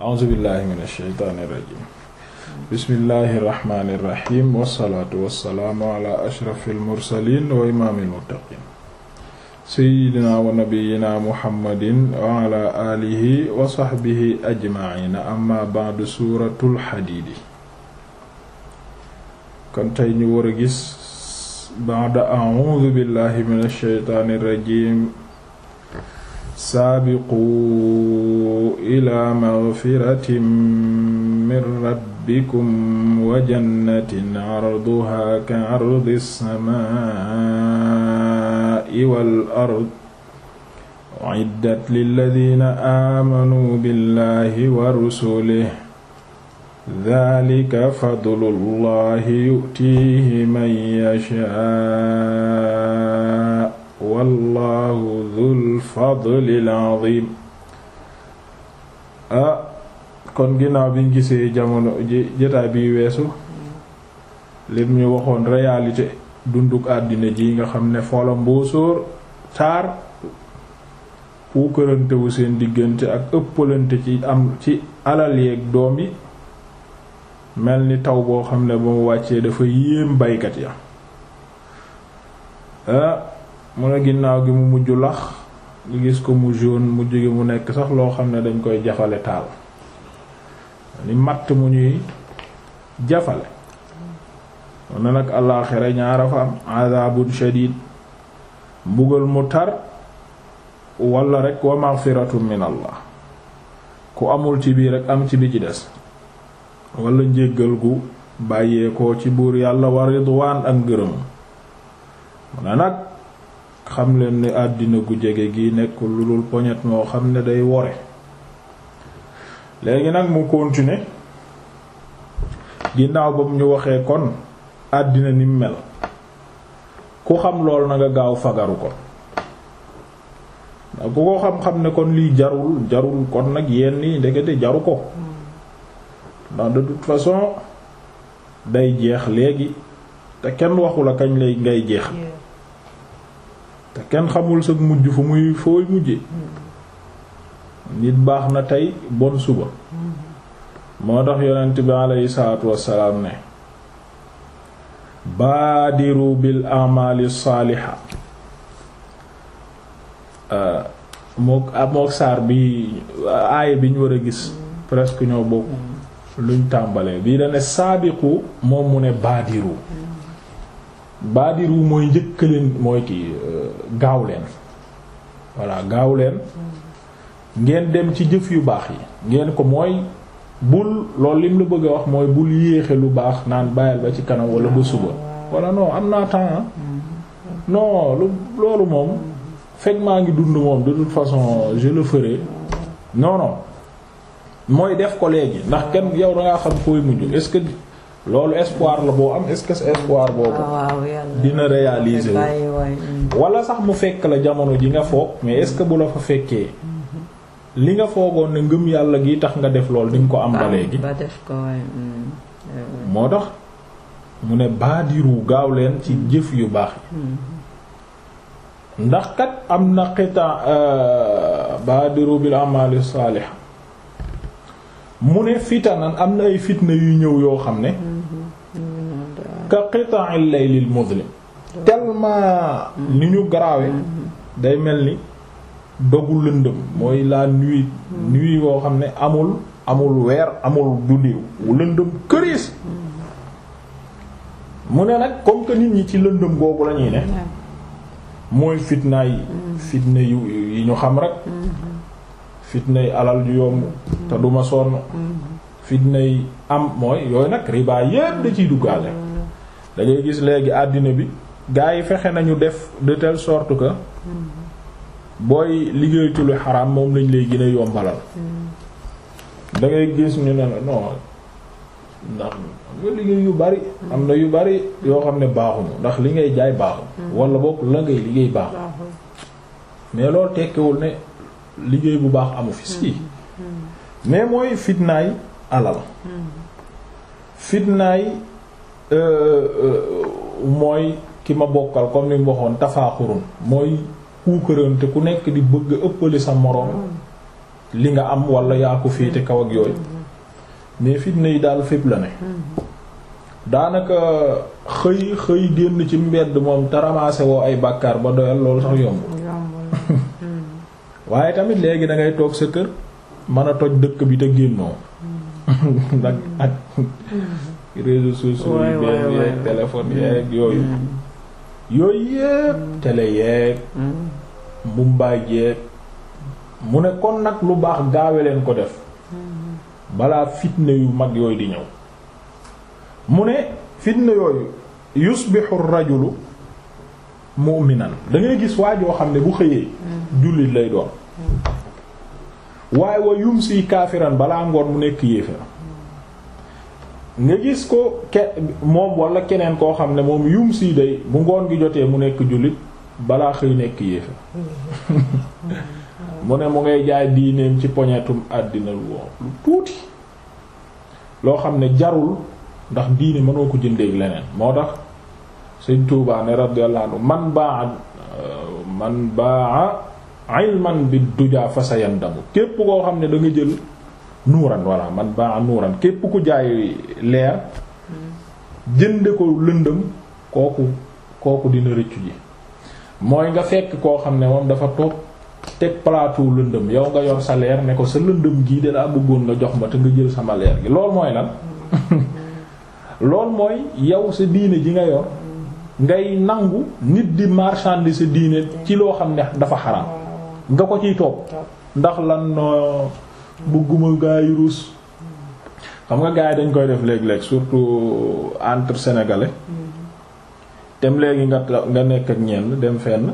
a'uuzu billahi min ashaytaani irrajim bismillahi irrahmani irrahim wassalaatu wassalaamu ala ashrafi almursalin wa imaami almuttaqin seydina wa nabiyina muhammadin wa ala alihi wa sahbihi ajmaina amma ba'du suuratul hadiidi kon tey ñu war a gis ba'da a'uuzu billahi min ashaytaani irrajim saabiquu ilaa magfiratin min rabbikum wa jannatin arduhaa ka ardi samaa'i wal ard u'iddat lilladiina aamanuu billaahi wa rusulihi daalika fadlullaahi yu'tiihi man yashaa wallahu dhul fadlil azim ah kon ginnaaw biñ gisee jamono ji jotaay bi weesu lim ñu waxoon réalité dunduk àddina ji nga xam ne foola mboosóor taar puukarante seen diggante ak ëppalante ci am ci alal yeeg doom yi mel ni taw boo xam ne ba mu wàccee dafa yéem baykat ya mu ne ginnaaw gi mu mujj lax nga gis ko mu jaune mujj gi mu nekk sax loo xam ne dañ koy jafale taal ni matt mu ñuy jafale mu ne nag alaaxira ñaara fa am adabun shadid mbugal mu tar wala rekk wa maghfiratun min ku amul ci bii rek am ci bi ci des wala njéggal gu bàyyeekoo ci buur yàlla wa ridwaan ak ngërëm mu ne nag xam leen ne àddina gu jege gi nekk lu dul poñet moo xam ne day wore léegi nag mu continuer ginnaaw ba mu ñu waxee kon àddina ni mel ku xam lool na nga gaaw fagaru ko ndax ku ko xam-xam ne kon lii jarul jarul kon nag yenn yi ndekete jaru ko ndax de toute façon day jeex léegi te kenn waxu la kañ lay ngay jeex kenn xamul sa mujj fu muy fooy mujje nit baax na tey bon suba moo tax yonent bi aleyhi salaatu wassalaam ne baadiru bil amali saaliha mook mook saar bi aaya bi ñu war a gis presque ñoo bokk luñ tàmbalee bii dane saabiqu moom mu ne baadiru baadiru mooy njëkk leen mooy kii euh, gaaw leen voilà gaaw leen ngeen dem ci jëf yu baax yi ngeen ko mooy bul loolu lim la bëgg a wax mooy bul yéexe lu baax naan bàyyil ba ci kanam wala ba suba wala non am naa temps non lu loolu moom fekk maa ngi dund moom de toute façon je le ferai non mooy def ko léegi ndax kenn yow da ngaa xam fooy mujj est-ce que loolu espoir la boo am est-ce que espoir boobu ah, dina réaliser mm. wala sax mu fekk la jamono ji nga foog mais est-ce que bu la fa fekkee mm-hmm. li nga foogoon ne ngëm yàlla gi tax nga def loolu di ko am ba léegi mm. eh, moo tax mu ne baadiru gaaw leen ci mm. jëf yu baax yi mm-hmm. ndax kat am na xita euh, baadiru bil amali salih mu ne fitanan am na ay fitna yu ñëw yoo xam ne ka qita'il laylil muzlim tellement ni ñu garaawe day mel ni dogu lëndëm mooy la nuit nuit boo xam ne amul amul weer amul dundeew wu lëndëm këriis mu ne nag comme que nit ñi ci lëndëm boobu lañuy ne mooy fitna fitna yi ñu xam rek fitna yi alal ju yomb te duma sonn fitna yi am mooy yooyu nag riba yépp da ciy duggaale da gis léegi àddina bi gars yi fexe nañu def de telle sorte que booy liggéeytu lu xaraam moom lañ lay gine a yombalal. da ngay gis ñu ne la non ndax nga liggéey yu bari. am na yu bari yoo xam ne baaxuñu ndax li ngay jaay baaxul. wala boog la ngay liggéey baaxul. mais loolu tekkiwul ne liggéey bu baax amu fi si. mais mooy fitnaay alal. fitnaay. Euh, euh, mooy ki ma bokkal comme ni mu waxoon tafaaxurun mooy kuukërante ku nekk di bëgg ëppale sa moroom li nga am wala yaa ko féete kaw ak yooyu mais fitna yi daal fépp la ne daanaka xëy xëy génn ci mbedd moom te ramassé woo ay bàkkaar ba doyal loolu sax yomb waaye tamit léegi dangay toog sa kër mën a toj dëkk bi te génnoo mm. nag ak mm. réseaux sociaux yi bees mm. mm. yooyu yépp télé yeeg mbumbaay mm. yeeg mu ne kon nag lu baax gaawe leen ko def balaa fitna yu mag yooyu di ñëw mu ne fitna yooyu yusbihu rajulu mu'minan da ngay gis waa joo xam ne bu xëyee jullit lay doon waaye wa yumsi kaafiran balaa ngoon mu nekk yéefar nga gis ko ke moom wala keneen koo xam ne moom yum sii day bu ngoon gi jotee mu nekk jullit balaa xëy nekk yéefe mu ne mu ngay jaay diineem ci poñetum àddina lu tuuti loo xam ne jarul ndax diine mënoo ko jëndeeg leneen moo tax sëñ Tuubaa ne radiyallahu anhu man baa man baa man bi duja fa sayandamu képp koo xam ne danga jël nuuran voilà man baa nuuran képp ku jaay leer jënde ko lëndëm kooku kooku dina rëccu ji mooy nga fekk koo xam ne moom dafa toog teg plateau lëndëm yow nga yor sa leer ne ko sa lëndëm gii de daa bëggoon nga jox ma te nga jël sama leer gi loolu mooy lan loolu mooy yow sa diine ji nga yor ngay nangu nit di marchander sa diine ci loo xam ne dafa xaraam nga ko ciy toog ndax lan no euh, bëgguma gaa yi ruus xam nga gaa dañ koy def léeg-léeg surtout entre sénégalais dem léegi nga nga nekk ak ñenn dem fenn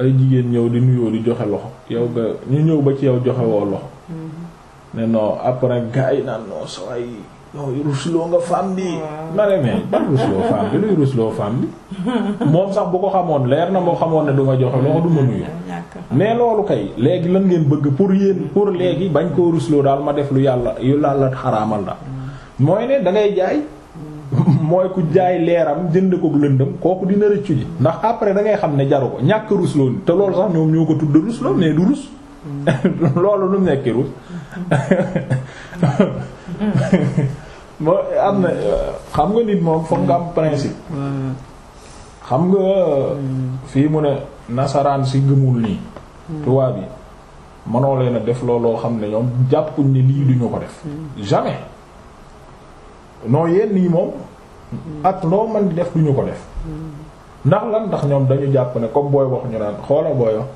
ay jigéen ñëw di nuyoo di joxe loxo yow nga ñu ñëw ba ci yow joxe woo loxo mm-hmm. ne non après gaa yi naan soo ay yow rusloo nga femme bi ma ne mais ban rusloo bi luy rusloo femme bi moom sax bu ko xamoon leer na moo xamoon ne du ma joxe loxo du ma nuyu mais loolu kay léegi lan ngeen bëgg pour yéen pour léegi bañ koo rusloo daal ma def lu yàlla yu làlla xaraamal la mooy ne da ngay jaay mooy ku jaay leeram jënd ko lëndëm kooku dina rëccu ji ndax après da ngay xam ne jaru ko ñàkk rusloo te loolu sax ñoom ñoo ko tudd rusloo mais du rus loolu lu mu nekk moo am na xam nga nit moom foog nga am principe xam nga fii mu ne nasaraan si gëmul nii tubaab yi mënoo leen a def looloo xam ne ñoom jàppuñ ni lii duñu ko def jamais noo yenn yi moom ak loo man di def duñu ko def ndax lan ndax ñoom dañu jàpp ne comme booy wax ñu naan xoola booy wax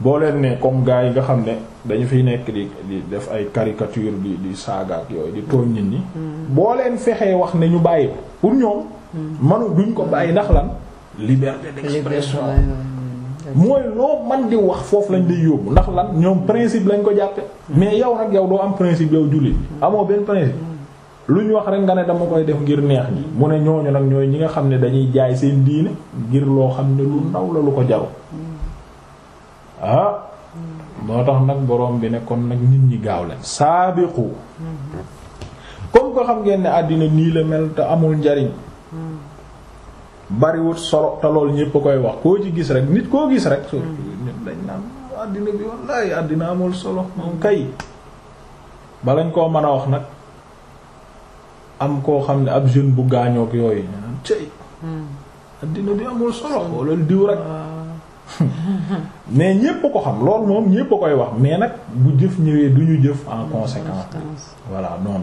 boo leen nee comme gars yi nga xam ne dañu fiy nekk di di def ay caricature di di saaga ak yooyu di tooñ nit ñi. Mm. boo leen fexee wax ne ñu bàyyi ko pour ñoom. Mm. manu duñ ko bàyyi ndax lan. liberté mooy loo man di wax foofu lañ lay yóbbu ndax lan ñoom principe lañ ko jàppe mm. mais yow nag yow doo am principe yow jullit amoo benn principe lu ñu wax rek nga ne dama koy def ngir neex ñi mu ne ñooñu nag ñooy ñi nga xam ne dañuy jaay seen diine ngir loo xam ne lu ndaw la lu ko jaru ah moo tax nag borom bi ne kon nag nit ñi gaaw leen saabiqu comme ko xam ngeen ne àddina nii la mel te amul njariñ bariwut solo te lool ñépp a koy wax koo ci gis rek nit koo gis rek surtout ñun naan àddina bi àddina amul solo moom kay balañ koo mën a wax nag am koo xam ne ab jeune bu gaañook yooyu ñu cëy hmm. àddina bi amul solo walla diw rek ah. mais ñépp ko xam loolu moom ñépp koy wax mais nag bu jëf ñëwee du ñu jëf en conséquence voilà non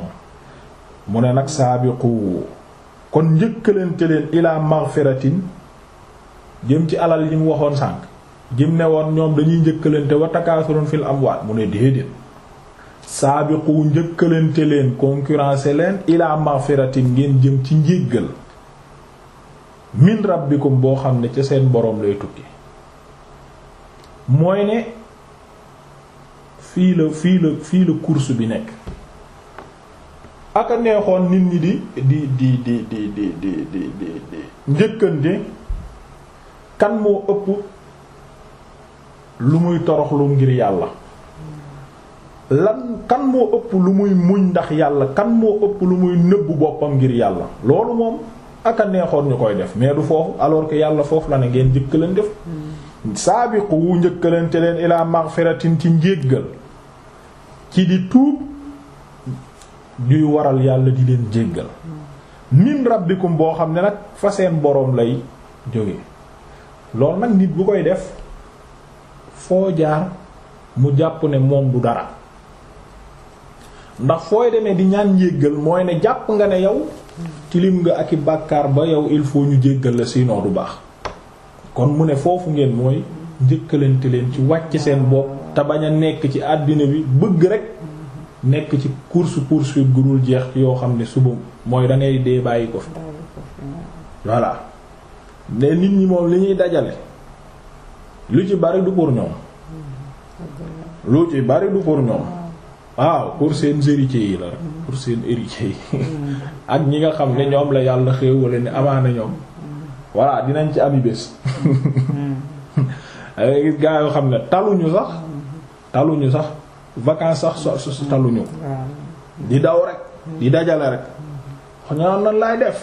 mu ne nag saabi saabiqu kon njëkkalante leen ilaa maghfiratin jëm ci alal yi mu waxoon sànq jëm ne woon ñoom dañuy njëkkalante wa takaasurun fil amwaat mu ne déedéet saabiqu njëkkalante leen concurrencer leen ilaa maghfiratin ngeen jëm ci njéggal min rabbikum boo xam ne ca seen boroom lay tukki mooy ne fii la fii la fii la course bi nekk aka neexoon nit ñi di di di di di di di di di di kan moo ëpp lu muy toroxlu ngir yàlla lan kan moo ëpp lu muy muñ ndax yàlla kan moo ëpp lu muy nëbbu boppam ngir yàlla loolu moom aka neexoon ñu koy def mais du foofu alors que yàlla foofu la ne ngeen njëkk leen def saabiqu wu njëkkalante leen ilaa maghfiratin ci njéggal ci di tuub duy waral yàlla di leen jéggal min rabbikum boo xam ne nag fa seen boroom lay jóge loolu nag nit bu koy def foo jaar mu jàpp ne moom du dara ndax fooy demee di ñaan njéggal mooy ne jàpp nga ne yow tilim nga ak i bàkkaar ba yow il faut ñu jéggal la sinon du baax kon mu ne foofu ngeen mooy njëkkalante leen ci wàcc seen bopp te bañ a nekk ci àddina bi bëgg rek nekk ci course poursuite gu dul jeex yoo xam ne suba mooy dangay ngay dee bàyyi ko fi voilà ne nit ñi moom li ñuy dajale lu ci bari du pour ñoom lu ci bari du pour ñoom waaw ah, pour seen héritiers yi la rek pour seen héritiers yi mm. ak ñi nga xam ne ñoom la yàlla xéewale ne amaana ñoom voilà dinañ ci ami bés hmm. gis gaa yoo xam ne taluñu sax taluñu sax vacances sax so taluñu hmm. di daw rek di dajale rek hmm. xanaa nan laay def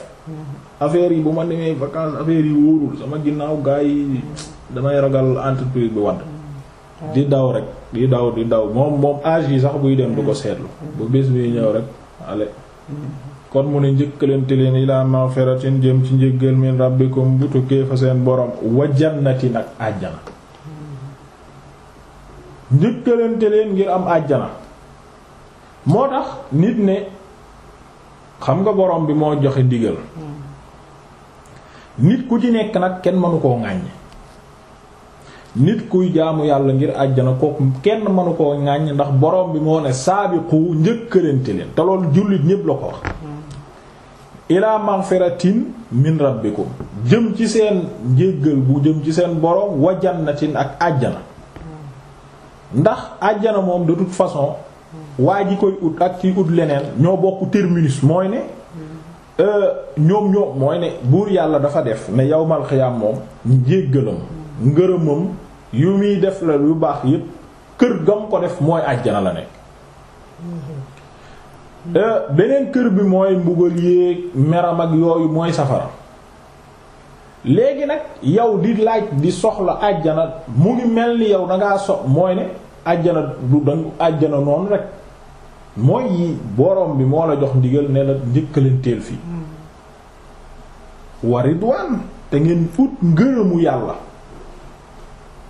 affaire yi bu ma demee vacances affaire yi wóorul sama ginnaaw gaa yi damay ragal entreprise bi wadd di daw rek di daw di daw moom moom âge yi sax buy dem du ko seetlu bu bés bi ñëw rek ale kon mu ne njëkkalante leen ilaa maghfiratin jëm ci njéggal min rabbikum bu tukkee fa seen borom wa nag ak àjjana njëkkalante leen ngir am àjjana moo tax nit ne xam nga borom bi moo joxe digal nit ku ci nekk nag kenn mënu koo ŋàññ nit kuy jaamu yàlla ngir àjjana ko kenn mënu koo ŋàññ ndax borom bi moo ne saabiqu njëkkalante leen te loolu jullit ñépp la ko ila maghfiratin min ko jëm ci seen njéggal bu jëm ci seen boroom na jannatin ak àjjana ndax àjjana moom de toute façon waa ji koy ut ak ci ut leneen ñoo bokk terminus mooy ne euh, ñoom ñoo mooy ne buur yàlla dafa def ne yawmal xiyaam moom njéggalam ngërëmam yu muy def la lu baax yépp kër gam ko def mooy àjjana la nekk Euh, beneen kër bi mooy mbugal yéeg meram ak yooyu mooy safara léegi nag yow di laaj di soxla àjjana mu ngi mel ni yow dangaa so mooy ne àjjana du dang àjjana noonu rek mooy yi borom bi moo la jox ndigal ne la njëkkalanteel fii wa ridwaan te ngeen ut ngërëmu yàlla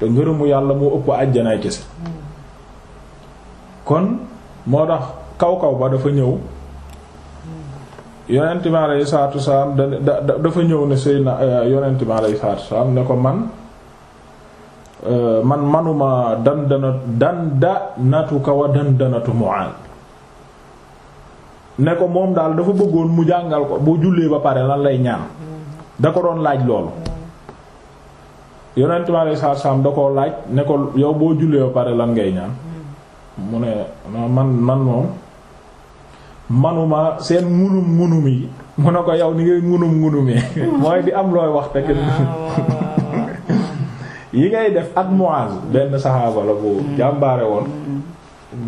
te ngërëmu yàlla moo ëpp àjjanaay kese hmm. kon moo tax kaw kaw ba dafa ñëw yonent bi alayhi salaatu salaam da dafa ñëw ne Seydina euh, yonent bi alayhi salaatu salaam ne ko man euh, man manuma dandana dandanatuka wa dandanatu Mu'aaz ne ko moom daal dafa bëggoon mu jàngal ko bu jullee ba pare lan lay ñaan da ko doon laaj loolu yonent bi alayhi salaatu da koo laaj ne ko yow boo jullee ba pare lan ngay ñaan mu ne man man moom manuma seen munum munum yi mu ne ko yow ni ngay munum munumee mooy di am looy wax te kenn ah, yi ngay def ak Muaz benn saxaaba la bu mm. woon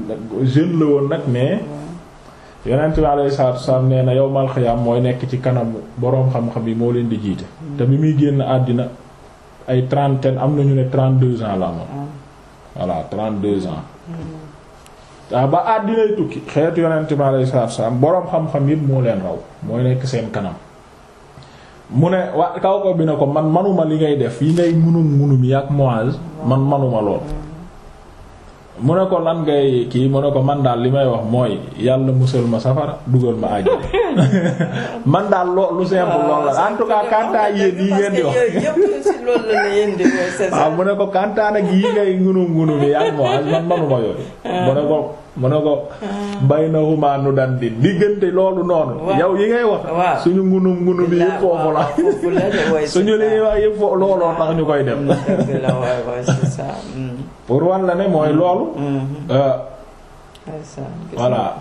mm. jeune la woon nag mais yonent bi alayhi salaatu wassalaam nee na yawmal xiyaam mooy nekk ci kanam boroom xam-xam yi moo leen di jiite te bi muy génn àddina ay trentaine am nañu ne trente-deux ans la amoon ah. voilà trent deux ans mm. waaw ba àddinay tukki xeet yonent bi alayhi salaatu wassalaam boroom xam-xam yépp moo leen raw mooy nekk seen kanam mu ne wax kaw ko bi ne ko man manuma li ngay def yi ngay munum munum yi ak Muaz man manuma lool mu ne ko lan ngay kii mu ne ko man daal li may wax mooy yàlla musal ma safara dugal ma àjj man daal loo lu simple lool la en tout cas ah, kantaa yéen yi ngeen di wax waaw ah, mu ne ko kantaa nag yi ngay ngunum ngunum yi ak moo man manuma yooyu ah. mu ne ko mu ne ko ah. baynahuma nu daan di liggante loolu noonu yow yi ngay wax suñu ngunum ngunum yëpp foofu la suñu li ñuy wax yëpp foofu looloo ñu koy dem mm, mm. pour wan la ne mooy mm. loolu euh, voilà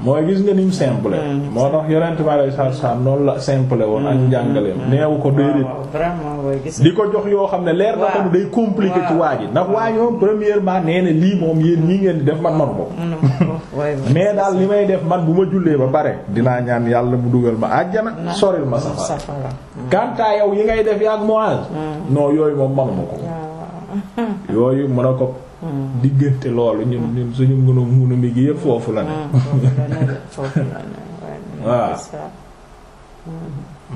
mooy gis nga nim simple mm. moo tax yonent bi alayhi salaatu salaam noonu la simple woon ak mm. njàngaleem mm. neewu ko déedéet di ko jox yoo xam ne leer na ko day compliqué ci waa ji ndax waa ñoom premièrement nee na lii moom yéen ñii ngeen di def man manu ko mais daal li may def man bu ma jullee ba pare dinaa ñaan yàlla mu dugal ma àjjana soril ma safara kantaa yow yi ngay def yaak Muaz non yooyu moom manuma ko yooyu mën a ko diggante loolu ñun mm. ñun suñu mën a mën a mi gi yëpp foofu la ne waaw mm.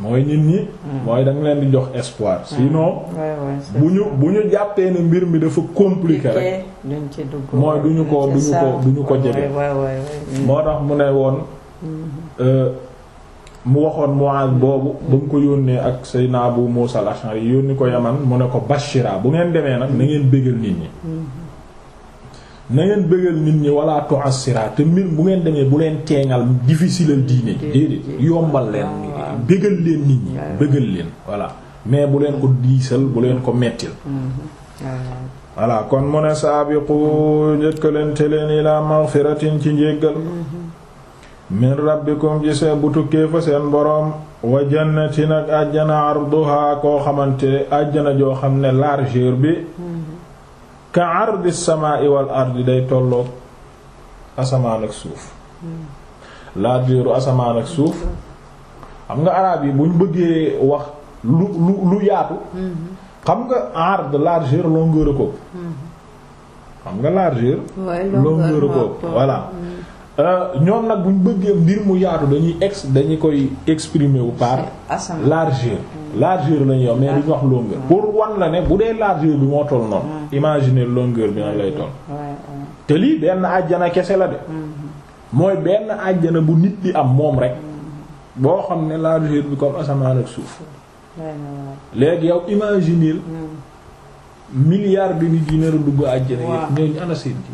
mooy nit ñi mm. mooy da leen di jox espoir sinon bu ñu bu ñu jàppee ne mbir mi dafa compliqué rek mooy du ñu ko duñu ko ñu ko jege moo tax mu ne woon euh, mu waxoon Muaz boobu ba mu ko yónnee ak Seydina Abu Muusa al-Ash'ari yónni ko Yaman mu ne ko bashira bu ngeen demee nag na ngeen bégal nit ñi na ngeen bëggal nit ñi wala tu'assira te mbir bu ngeen demee bu leen teeŋal difficile diine déedéet yombal leen bëggal leen nit ñi bëggal leen voilà mais bu leen ko diisal bu leen ko mettil mm-hmm. voilà kon mu ne saabiqu njëkkalante leen ilaa maghfiratin ci njéggal mm-hmm. min rabbikum ci seen bu tukkee fa seen boroom wa jannatin ak àjjana arduha koo xamante àjjana joo xam ne largeur bi mm-hmm. ka ardi samaa'i wal ardi day tolloog asamaan ak suuf laabiiru asamaan ak suuf xam nga araab yi buñ bëggee wax lu lu lu yaatu xam nga ard largeur longueur a ko xam nga largeur longueur euh, ñoom nag bu bëggee mbir mu yaatu dañuy ex dañu koy exprimer wu par largeur largeur lañuy wax mais duñu wax longueur pour wan la ne bu dee largeur bi moo toll noonu imaginer longueur bi nag lay toll te lii benn àjjana kese la de mm-hmm. mooy benn àjjana bu nit di am moom rek mm-hmm. boo xam ne largeur bi comme asamaan ak suuf léegi yow imaginer mm. milliard bi nit yi nar dugg àjjana yëpp ñooñu ana seen ji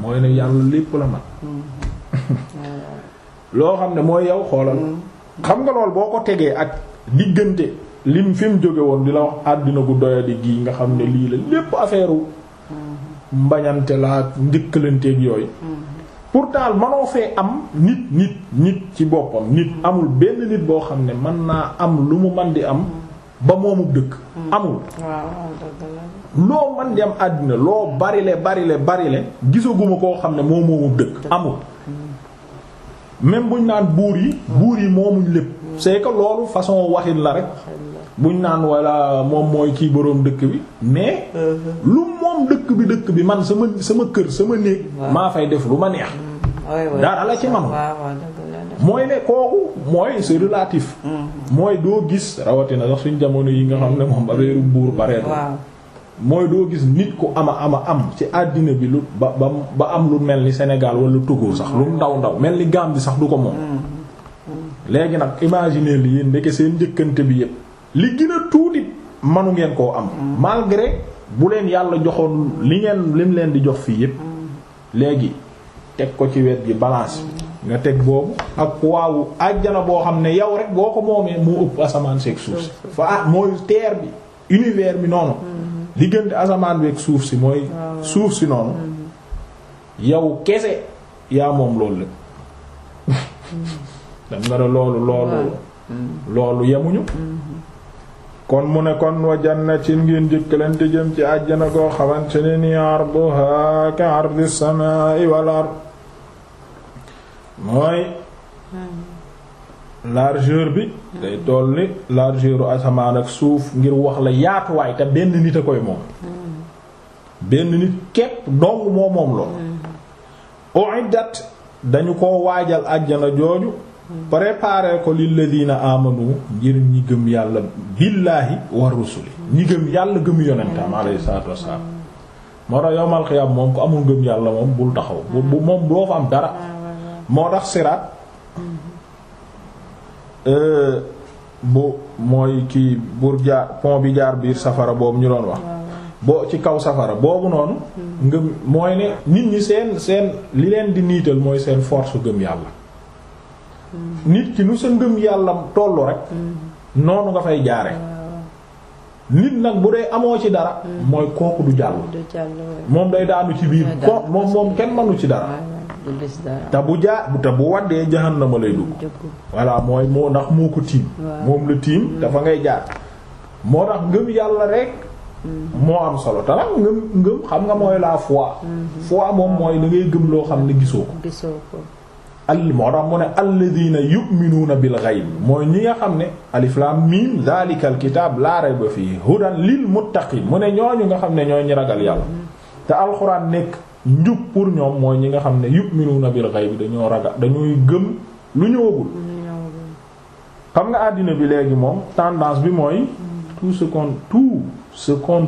mooy ne yàlla lépp la man mm. loo xam ne mooy yow xoolal mm. xam nga lool boo ko tegee ak diggante lim fi mu jóge woon di la wax àddina gu doyadi gii nga xam ne lii la lépp affaire mbañante laa njëkkalanteeg yooyu pourtant manoo fee am nit nit nit ci boppam nit amul benn nit boo xam ne mën naa am lu mu man di am ba moomu dëkk amul loo man di am àddina loo barile barile barile gisaguma koo xam ne moo moomu dëkk amul même buñ naan buur yi buur yi moomuñ lépp mm. c'est loolu façon waxin la rek buñ naan wala moom mooy kii boroom dëkk bi mais uh-huh. lu moom dëkk bi dëkk bi man sama sama kër sama néeg maa fay def lu ma neex mm-hmm. dara ci manu mooy ne kooku mooy mm-hmm. mooy doo gis rawatina sax suñ jamono yi nga xam ne moom réeru buur bareetu mooy doo gis nit ku ama ama am ci àddina bi lu ba ba ba am lu mel ni Sénégal wala Togo sax lu ndaw ndaw mel ni bi sax du ko moom mm-hmm. léegi nag imaginer li yéen ndeke seen njëkkante bi yépp li gën a tuuti manu ngeen koo am malgré bu leen yàlla joxoon li ngeen lim leen di jox fii yépp léegi teg ko ci wet gi balance bi nga teg boobu ak waawu àjjana boo xam ne yow rek boo ko moomee moo ëpp asamaan seeg suuf si mm-hmm. fa ah mooy terre bi univers bi noonu mm-hmm. diggante asamaan beeg suuf si mooy ah, suuf si noonu mm-hmm. yow kese yaa moom loolu lépp dam nga loolu loolu loolu yemuñu kon mu ne kon wa jannatin ngeen di jëm ci àjjana koo xamante ne ni arduha ka ardi samaa'i wal ard mooy largeur bi day toll ni largeuru asamaan ak suuf ngir wax la yaatuwaay te benn nit a koy moom benn nit képp dong moo moom lool hmm. u'iddat dañu ko waajal àjjana jooju préparer ko lilladina amanu ngir ñi gëm yàlla billaahi wa rusuli ñi gëm yàlla gëm yonentam alayhi salaatu wassalaam moo tax yowmal xiyaam moom ko amul gëm yàlla moom bul taxaw bu moom doo fa dara moo tax siraat euh, bu mooy kii bur jaar pont bi jaar biir safara boobu ñu doon wax boo ci kaw safara boobu noonu ngëm mooy ne nit ñi seen seen li leen di niital mooy seen force gëm yàlla nit ki nu sa ngëm yàlla tollu rek noonu nga fay jaare nit nag bu dee amoo ci dara mm. mooy kooku du jàll moom day daanu ci biir ko moom moom kenn manu ci dara te bu jaa te bu waddee jahannama lay dugg voilà mooy moo ndax moo ko tiim moom la tiim mm. dafa ngay jaar moo tax ngëm yàlla rek mm. moo am solo te nag ngëm ngëm xam nga mooy la foi mm-hmm. foi moom mooy da gëm loo xam ne gisoo ko al moo tax mu ne alladina yu'minuuna bil ghayb mooy ñi nga xam ne alif lam mim dhalika al kitab la rayba fii hudan lil muttaqin mu ne ñooñu nga xam ne ñooy ñi ragal yàlla te alxuraan nekk njub pour ñoom mooy ñi nga xam ne yu'minuuna bil ghayb dañoo ragal dañuy gëm lu ñëwagul xam nga àddina bi léegi moom tendance bi mooy tout ce qu'on tout ce qu'on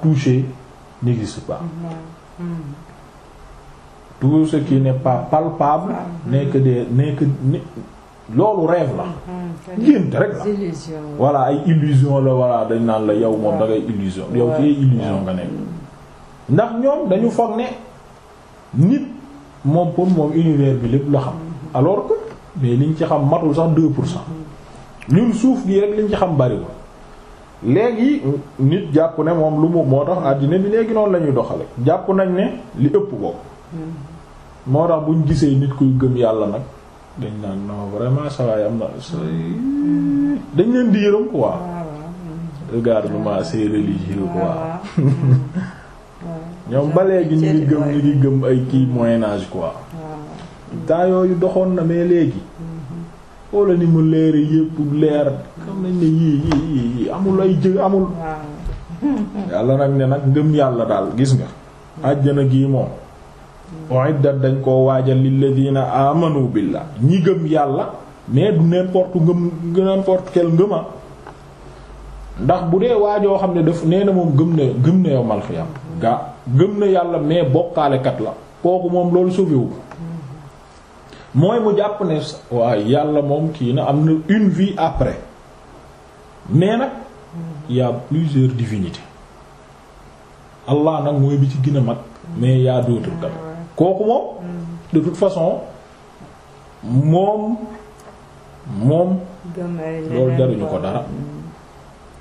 toucher n'existe pas tout ce qui ne pa palpable n'est que des n'est que loolu rêve la mm-hmm. gént rek la voilà ay illusion la voilà dañ naan la yow moom da ngay illusion yow ci illusion nga nekk ndax ñoom dañu foog ne nit moom pour moom univers bi lépp la xam mm-hmm. alors que mais liñ ci xam matul sax deux pour mm-hmm. suuf gi rek liñ ci xam bariwul léegi nit jàpp ne moom lu mu moo tax àddina bi léegi noonu la ñuy doxale jàpp nañ ne li ëpp ko moo tax buñ gisee nit kuy gëm yàlla nag dañ naan non vraiment ça va am na dañ leen di yërëm quoi. regarde-moi c'est religieux quoi. ñoom ba léegi ñu ngi gëm ñu ngi gëm ay kii moyen âge quoi. daa yooyu doxoon na mais léegi. wala ni mu leere yépp leer xam nañ ne yii yii yii amul ay jë amul. yàlla nag ne nag ngëm yàlla daal gis nga. àjjana gii moom. uiddat dañ koo waaja waajal lilladina amanu billah ñi gëm yàlla mais du n'importe ngëm n'importe quel ngëma ndax bu dee waajoo xam ne daf nee na moom gëm na gëm na yow ga gëm na yàlla mais bokkaalekat la kooku moom loolu sauvéwu mooy mu jàpp ne waaye yàlla moom kii na am na une vie après mais nag y a plusieurs Allah nag mooy bi ci gën a mag mais y a d'autres kooku moom de toute façon moom moom loolu jaruñu ko dara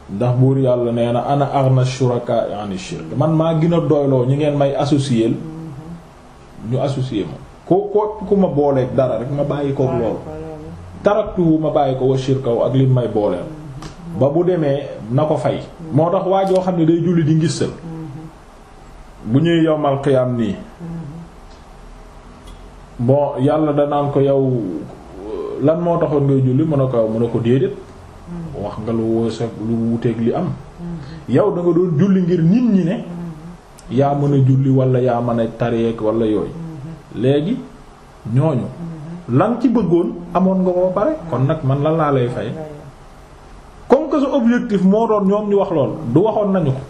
ndax buur yàlla nee na ana aghna shuraka ani shirk man maa gën a doyloo ñi ngeen may associer mhm. ñu associer ma ko ko ku ma booleeg dara rek ma bàyyi ko loolu taraktu ma bàyyi ko wa shirka ak li may booleel mhm. ba bu demee na ko fay mhm. moo tax waa joo xam ne day julli di ngistal bu ñuy yowmal qiyaam nii bon yàlla danaan ko yow lan moo taxoon ngay julli mën a ko mën a ko déedéet mm-hmm. wax nga lu woosa lu wuteeg li am mm-hmm. yow da nga doon julli ngir nit ñi ne mm-hmm. yaa mën a julli walla yaa mën a tareek wala yooyu léegi ñooñu lan ci bëggoon amoon nga ko pare kon nag man lan laa lay fay comme que objectif moo doon ñoom ñu wax lool du waxoon nañu ko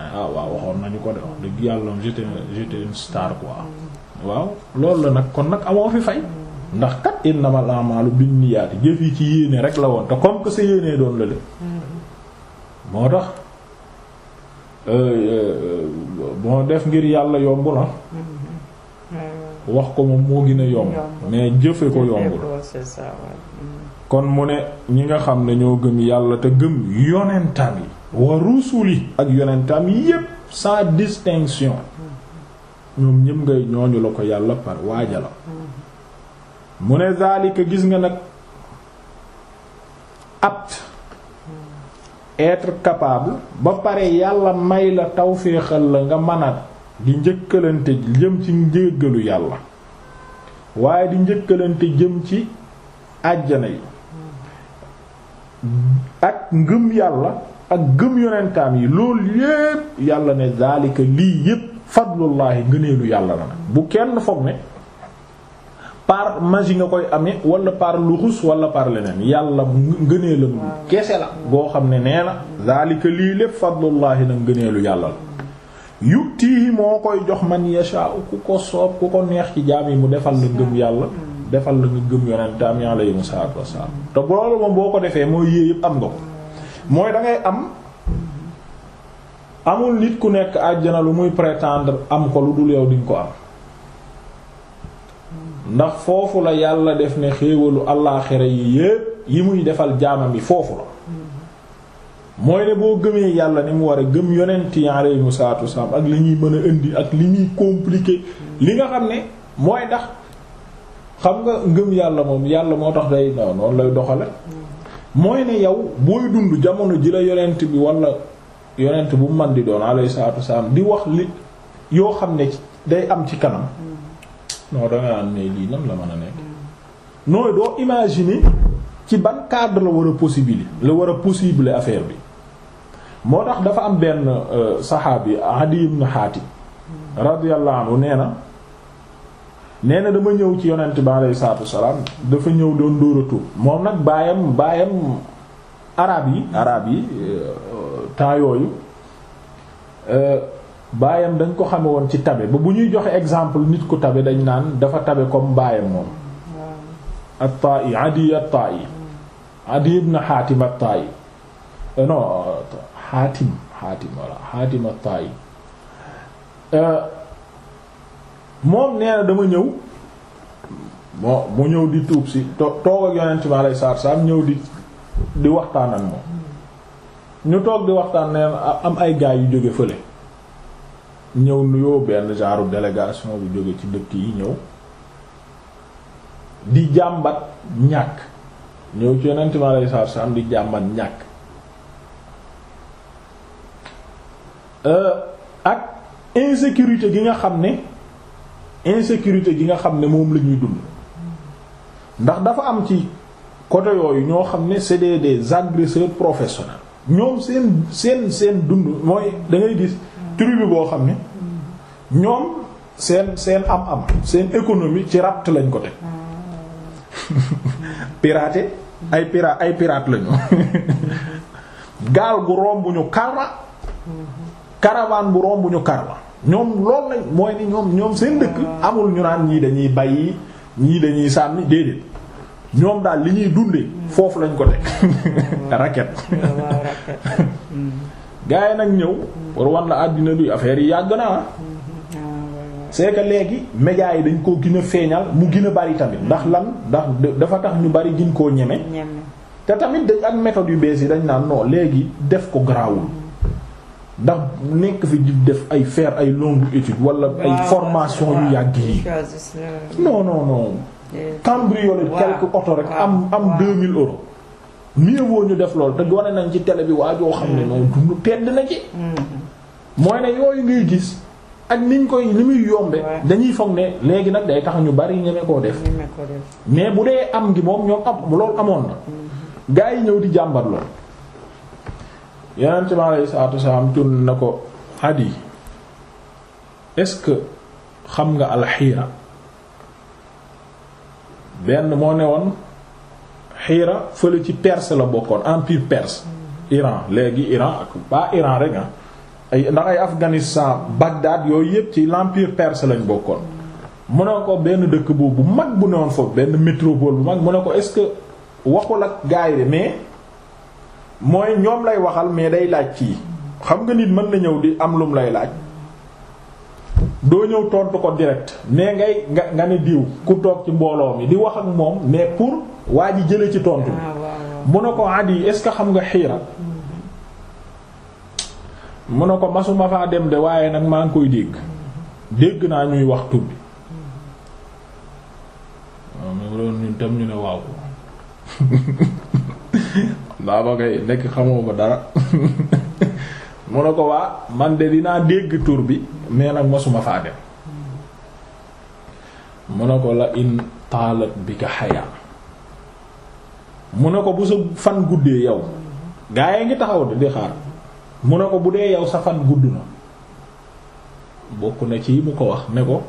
ah, waaw waxoon nañu ko de wax dëgg yàlla j'étais une star quoi waaw loolu la nag kon nag amoo fi fay ndax kat innamal a'malu binniyaati jëf yi ci yéene rek la woon te comme que sa yéenee doon la le moo tax bon euh, def ngir yàlla yomb la ah. wax ko moom moo gën a yomb mais jëfe ko yombul kon mu ne ñi nga xam ne ñoo gëm yàlla te gëm yonentam yi wa rusuli ak yonentam yi yépp sans distinction ñoom ñëm ngay ñooñu la ko yàlla par waajala mu ne zaalika gis nga nag apte être capable ba pare yàlla may la tawféexal la nga mën a di njëkkalante jëm ci njéggalu yàlla waaye di njëkkalante jëm ci àjjana yi ak ngëm yàlla ak gëm yonentaam yi loolu yépp yàlla ne zaalika lii yépp fadlullahi ngëneelu yàlla la nag bu kenn foog ne par magie nga koy amee wala par luxus wala par leneen yàlla bu ngëneelam kese la boo xam ne nee na zalika lii lépp fadlullahi nag ngëneelu yàlla la yutihi moo koy jox man yasha ku ko soob ku ko neex ci jaam yi mu defal la ngëm yàlla defal la nga gëm yonentaam yi alayhimu salaatu wassalaam te loolu moom boo ko defee mooy yéey yëpp am nga ko mooy dangay am amul nit ku nekk àjjana lu muy prétendre am ko lu dul yow dinga ko am ndax foofu la yàlla def ne xéewalu allaaxira yi yépp yi muy defal jaamam yi foofu la mooy ne boo gëmee yàlla ni mu war a gëm yonent yi saatu salaatu ak li ñuy mën a indi ak li ñuy compliqué li nga xam ne mooy tax xam nga gëm yàlla moom yàlla moo tax day noonu lay doxale mooy ne yow booy dund jamono ji la yonent bi wala yonent bu mu man di doon alayhi salaatu wasalaam di wax li yoo xam ne day am ci kanam mm. non danga naan ne lii nan la mën a nekk mm. nooy doo imaginer ci ban cadre la war a possible la war a possible affaire bi moo tax dafa am benn euh, saxaabi Adi ibn Hatim mm. radiyallahu anhu nee na nee na dama ñëw ci yonent bi alayhi salaatu wasalaam dafa ñëw doon dóoratu moom nag baayam baayam arab yi arab yi euh, temps yooyu euh, baayam dañ ko xame woon ci tabe ba bu ñuy joxe exemple nit ku tabe dañ naan dafa tabe comme baayam moom at-Ta'i Adi at-Ta'i Adi ibn at-Ta'i euh, non Hatim Hatim walla Hatim at-Ta'i euh, moom nee dama ñëw bon mu ñëw di tuub si toog ak yonent bi alayhi salaam ñëw di di waxtaan ak moom ñu toog di waxtaan ne am ay gaay yu jóge fële ñëw nuyoo benn genre délégation bu jóge ci dëkk yi ñëw di jàmbat ñàkk ñëw ci yonent mi alayhi salaatu salaam di jàmbat ñàkk euh, ak insécurité gi nga xam ne insécurité gi nga xam ne moom la ñuy dund ndax dafa am ci côté yooyu ñoo xam ne c'est des des agresseurs professionnels ñoom seen seen seen dund mooy dangay ngay gis tribu boo xam ne ñoom seen seen am-am seen économie ci rapt lañ ko teg piraté ay pira ay pirate lañu gaal gu romb ñu karma caravane bu romb ñu karma ñoom loolu lañ mooy ni ñoom ñoom seen ndëkk amul ñu naan ñii dañuy bayyi ñii dañuy sànni déedéet ñoom daal li ñuy dunde foofu lañ ko teg raket gaa yi nag ñëw pour wan la àddina bi affaire yi yàgg naa c'est léegi médias yi dañ koo gën a feeñal mu gën a bari tamit ndax lan ndax dafa tax ñu bari gën koo ñeme te tamit dañ ak méthode yu bees yi dañ naan non léegi def ko garaawul ndax nekk fi di def ay faire ay longue étude wala ay formation yu yàgg yi non non cambrioler quelque oto rek am am 2000 euros mieux ñu def loolu te wane nañ ci tele bi waa joo xam ne noonu mm. dund tedd na ci mm. mooy ne yooyu ngay gis ak niñ koy li muy yombe dañuy foog ne léegi nag day tax ñu bari ñeme koo def mais bu dee am gi moom ñoom am loolu amoon na mm-hmm. gaa yi ñëw di jàmbat lool yeneen ci ma alayhi salaatu salaam turne na ko hadi est-ce que xam nga alxiira benn moo ne woon xiira fële ci Perse la bokkoon empire perse Iran léegi Iran ak ba Iran rek ah ay ndax ay Afghanistan Bagdad yooyu yëpp ci l'empire perse lañ bokkoon mu ne ko benn dëkk boobu bu mag bu ne woon foofu benn métropole bu mag mu ne ko est-ce que waxul ak gars de mais mooy ñoom lay waxal mais day laaj ci xam nga nit mën na ñëw di am lum lay laaj. doo ñëw tontu ko direct mais ngay nga nga ne diw ku toog ci mbooloo mi di wax ak moom mais pour waa ji jële ci tontu bi ah, mu ne ko adi est-ce que xam nga xiira hmm. mu ne ko masuma faa dem de waaye nag maa ngi koy dégg hmm. dégg naa ñuy wax tur bi waaw mu doon ñun tam ñu ne waaw daa ba ngay nekk xamoo ba dara mu ne ko waa man de dinaa dégg tur bi mais nag masuma faa dem mu ne ko la in taalat bi ka xayaa mu ne ko bu sa fan guddee yow gaa yi ngi taxaw di xaar mu ne ko bu dee yow sa fan gudd na bokk na ci mu ko wax ne ko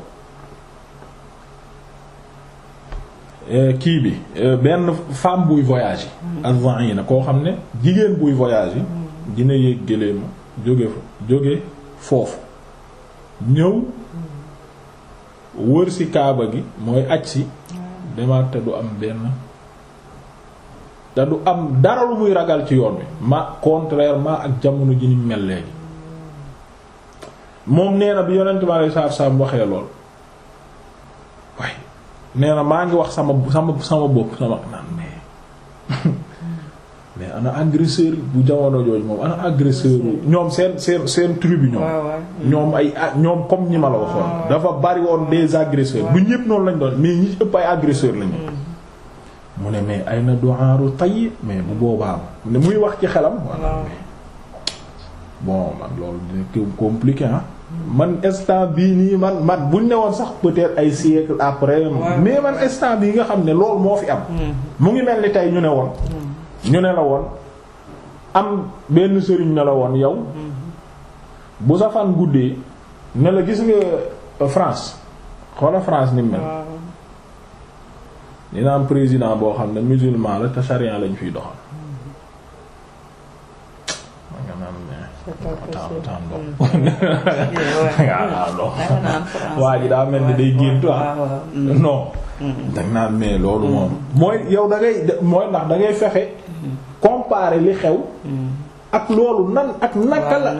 eh, kii bi eh, benn femme buy voyage yi mm. ak yi na koo xam ne jigéen buy voyage yi mm. dina yéeg géléema jóge foofu ñëw wër ci kaaba gi mooy aj si demaat te du am benn te du am dara lu muy ragal ci yoon bi ma contrairement ak jamono ji ni mel léegi moom nee na bi yonent bi alei saatu salaam waxee lool waaye nee na maa ngi wax sama sama sama bopp sama naan mais ana agresseur bu jamono jooju moom ana agresseur ñoom seen seen seen tribu ñoom. Mm. ñoom ay ah, ñoom comme ñi ma la waxoon. dafa bari woon des agresseurs bu ñëpp noonu lañ doon mais ñi ëpp ay agresseurs lañu. Mm. mu ne mais ay na doxaaru tay mais bu boobaa ne muy wax ci xelam. bon man loolu dina man instant bii nii man man buñ ne woon sax peut ay siècle après. mais man instant bii nga xam ne lool moo fi am. Mm. mu ngi mel ni tey ñu ne woon. ñu ne la woon am benn sëriñ ne la woon yow bu sa fan guddee ne la gis nga euh, France xoola France ni mel dina am président boo xam ne musulman la te charia lañ fiy doxal eh, waa ji daa mel ni day géntu ah mm. danga naan mais loolu moom. mooy yow da ngay mooy ndax dangay fexe. comparer li xew. ak loolu nan ak naka la.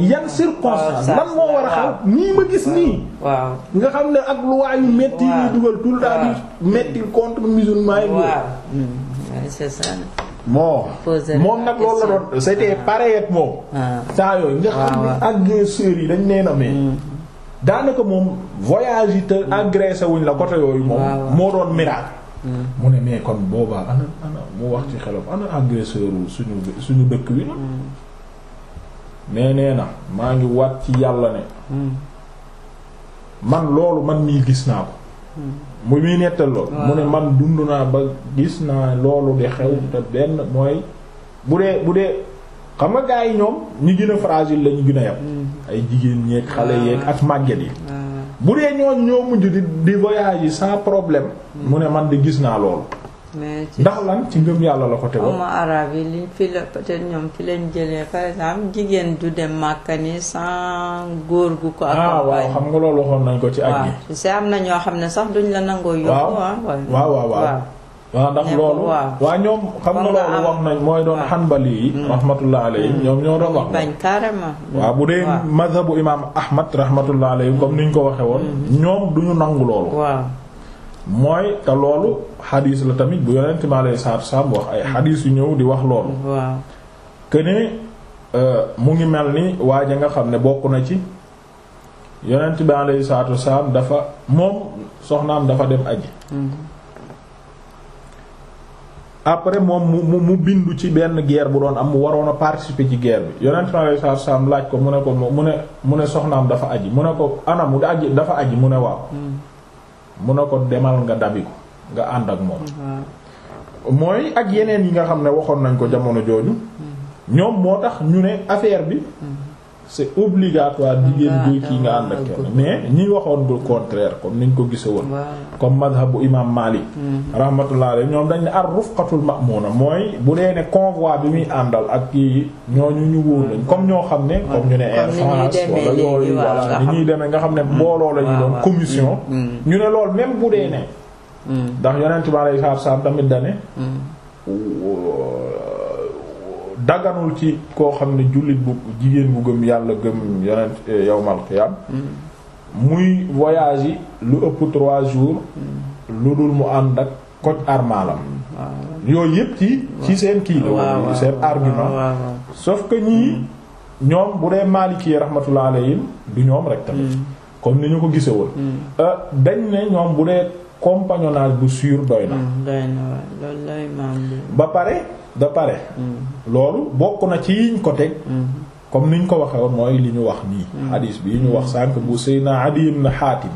yan circonstance nan moo war a xaw nii ma gis nii. waaw nga xam ne ak loi yu metti yi dugal tout le temps metti contre musulman yi. c'est ça. moom nag loolu la doon c'était pareil ak moom. saa yooyu nga xam ne agresseurs yi dañ nee mais. Mm. daanaka moom voyage yi te agressé wuñ la côté yooyu moom moo doon miracle hmm. mu ne mais kon boobaa ana ana mu wax ci xelam ana agresseur wu suñu suñu dëkk wi mais hmm. nee na maa ngi waat ci yàlla ne hmm. man loolu man mii gis naa ko mu muy nettal lool mu ne man dund naa ba gis naa loolu di xew te benn mooy bu dee bu dee xam nga gars yi ñoom ñu gën a fragile la ñu gën a yem. Mm. ay jigéen ñeeg xale ah. yeeg ak màgget yi. Ah. bu dee ñooñ ñoo mujj di di voyage yi sans problème. Mm. mu ne man de gis naa loolu. ndax lan ci ngëm yàlla la ko tegoon. ama arabe yi li fi la peut-être ñoom fi leen jëlee par exemple jigéen du dem Màkka ni sans góor gu ko. ah waaw xam nga loolu waxoon nañ ko ci. ak yi waaw am na ñoo xam ne sax duñ la nangoo. yóbbu waaw ah, waaw waaw. waaw ndax loolu waa ñoom xam nga loolu wax nañ mooy doon xanbali yi mm. rahmatullah yi mm. ñoom ñoo doon wax waa bu dee mazhabu imam ahmad rahmatullah yi comme ni ñu ko waxe woon mm. ñoom duñu nangu loolu mooy te loolu xadiis la tamit bu yonent mi alayhi salaatu salaam wax ay xadiis yu ñëw di wax loolu këne euh, mu ngi mel ni waa waaja nga xam ne bokk na ci yonent bi alayhi salaatu salaam dafa moom soxnaam dafa dem aji mm-hmm. après moom mu mu bindu ci benn guerre bu doon am mu waroon a participer ci guerre bi yonent ma sallallahu alayhi laaj ko mu ne ko mu ne mu ne soxnaam dafa aji mu ne ko anam mu aji dafa aji mu ne waaw hmm. mu ne ko demal nga dabi ko nga ànd ak moom hmm. mooy ak yeneen yi nga xam ne waxoon nañ ko jamono jooju hmm. ñoom moo tax ñu ne affaire bi c'est obligatoire jigéen buy kii nga ànd ak kenn mais ñi waxoon du contraire comme niñ ko gisewoon comme madhabu imam Malik mm-hmm. rahmatullah ñoom dañ ne ar rufqatul na mooy bu dee ne convoi bi muy àndal ak kii ñooñu ñu lañ comme ñoo xam ne comme ñu nga xam ne mm-hmm. mbooloo lañu doon mm-hmm. ñu lool même bu dee ne ndax yonent bi alayhi salaam tamit dane daganul ci koo xam ne jullit bu jigéen bu gëm yàlla gëm yonent eh, yawmal qiyaam mm-hmm. muy voyage yi lu ëpp trois jours mm-hmm. lu dul mu ànd ak koc armalam yooyu yëpp ci ci seen kii la seen argument sauf que ñii mm-hmm. ñoom bu dee maalikee rahmatullah alayhim du ñoom rek tamit comme ni ñu ko gise woon euh, dañ ne ñoom bu ba pare da pare mm-hmm. loolu bokk na ci ñu ko teg mm-hmm. comme niñ ko waxe mooy li ñu wax nii mm-hmm. hadis bi ñu wax sànk bu Seydina Adi ibn Hatim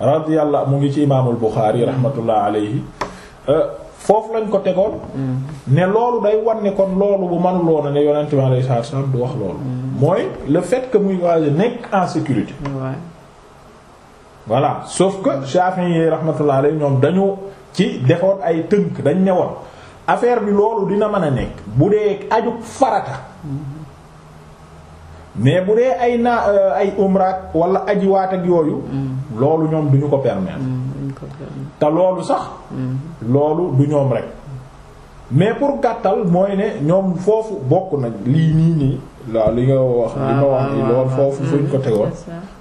radiyallahu mu ngi ci imaamul Bukhari rahmatullah alayhi euh, foofu lañ ko tegoon ne loolu day wan ne kon loolu bu manuloona ne yonente bi alayhi salaatu salaam du wax loolu mooy le fait que muy waaj nekk en sécurité voilà sauf que Shafi'i yi rahmatullah alayhi ñoom dañu ci defoon ay tënk dañ newoon affaire bi loolu dina mën a nekk bu dee aju farata mais bu dee ay naa euh, ay umraak wala ajiwaat ak yooyu mm. loolu ñoom mm, duñu ko permettre te loolu sax mm. loolu du ñoom rek mais pour gàttal mooy ne ñoom foofu bokk nañ lii nii nii laa li nga wax li nga wax ni ah, ah, loolu ah, foofu fuñ ko tegoon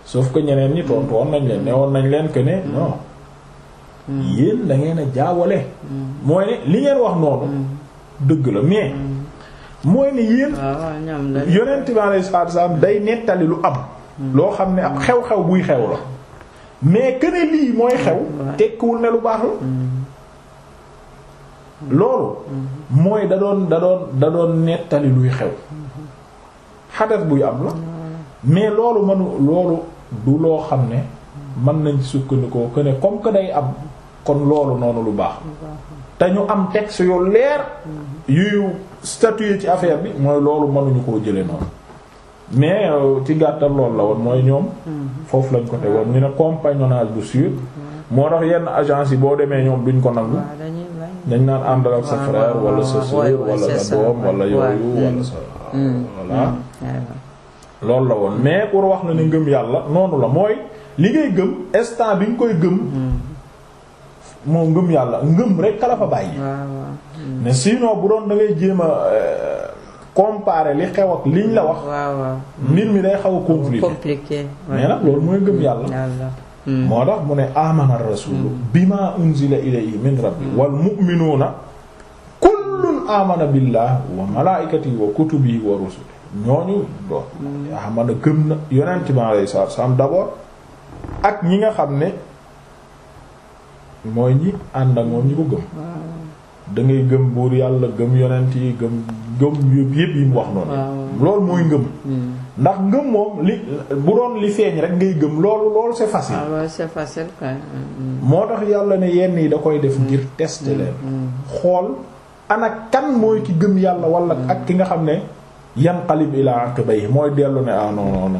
sauf que ñeneen ñi tontu woon nañ leen ne woon nañ leen que ne non yéen dangeen a jaawale. mooy ne li ngeen wax noonu. dëgg la mais. mooy ne yéen. yonent bi alayhi salaatu salaam day nettali lu am. Hmm. loo xam ne ab xew-xew buy xew la. mais que ne lii mooy xew. Hmm, tekkiwul ne lu baax la. Hmm. loolu. mooy da doon da doon nettali luy xew. xadas buy am la. mais loolu mënu loolu du loo xam ne. mën nañ sukkandikoo que ne comme que day am. kon loolu noonu lu baax te ñu am texte yu leer yuy statuer ci affaire bi mooy loolu mënuñu koo jële noonu mais euh, ci gàttal loolu la woon mooy ñoom foofu lañ ko te woon ñu ne compagnonnage bu moo tax yenn agence yi boo demee ñoom duñ ko nangu dañ naan àndal sa wala sa sœur wala sa doom wala yooyu mais pour wax na ni ngëm yàlla noonu la mooy li ngay gëm instant bi nga koy gëm mm. moo ngëm yàlla ngëm rek kala fa bàyyi. Hmm. mais sinon bu doon da ngay euh, comparer li xew ak liñ la wax. nit hmm. mi day xaw a compliqué. nag loolu mooy ngëm hmm, yàlla. moo tax mu ne amana rasulu bima unzila ilayhi min rabbi wal mu'minuna kullun amana billah wa malaikatihi wa kutubihi wa rusulihi ñooñu do amana gëm na yonent bi alayhi salaam d'abord ak ñi nga xam ne mooy ñi ànd ak moom ñi ko gëm da ngay gëm buur yàlla gëm yonent yi gëm gëm yëpp yi mu wax noonu loolu mooy ngëm hmm. ndax ngëm moom li bu doon li feeñ rek ngay gëm loolu loolu c'est facile ah, c'est facile quoi hmm, hmm. moo tax yàlla ne yenn yi da koy def ngir tester xool ana kan mooy ci gëm yàlla wala ak ki nga xam ne yanqalib ila aqibayhi mooy dellu ne ah non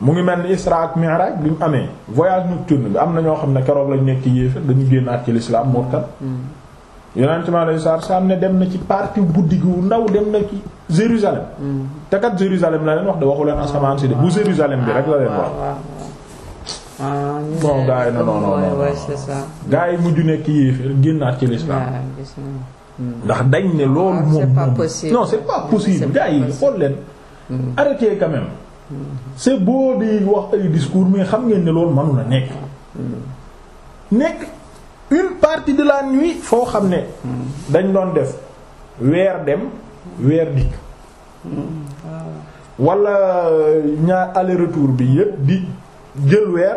mu ngi mel ni Isra ak Mi'raj bi ñu amee voyage nocturne bi am na ñoo xam ne keroog lañ nekk yéefar dañu génnaat ci l'islam moo tax mm. yonent mi alayhi salaatu salaam ne dem na ci partie guddi gu ndaw dem na ci Jérusalem mm. te kat Jérusalem la leen wax de waxu leen asamaan si de bu Jérusalem bi rek la leen wax ah, ah, bon gars yi non non non gars yi mujj nekk yéefar génnaat ci l'islam ah, mm. ndax dañ ne loolu moom non c'est pas possible gars yi xool leen arrêtez quand même c'est beau di wax ay discours mais xam ngeen ne loolu mënu la nekk nekk une partie de la nuit foo xam ne dañ doon def weer dem weer dikk wala euh, ñaar aller retour bi yépp di jël weer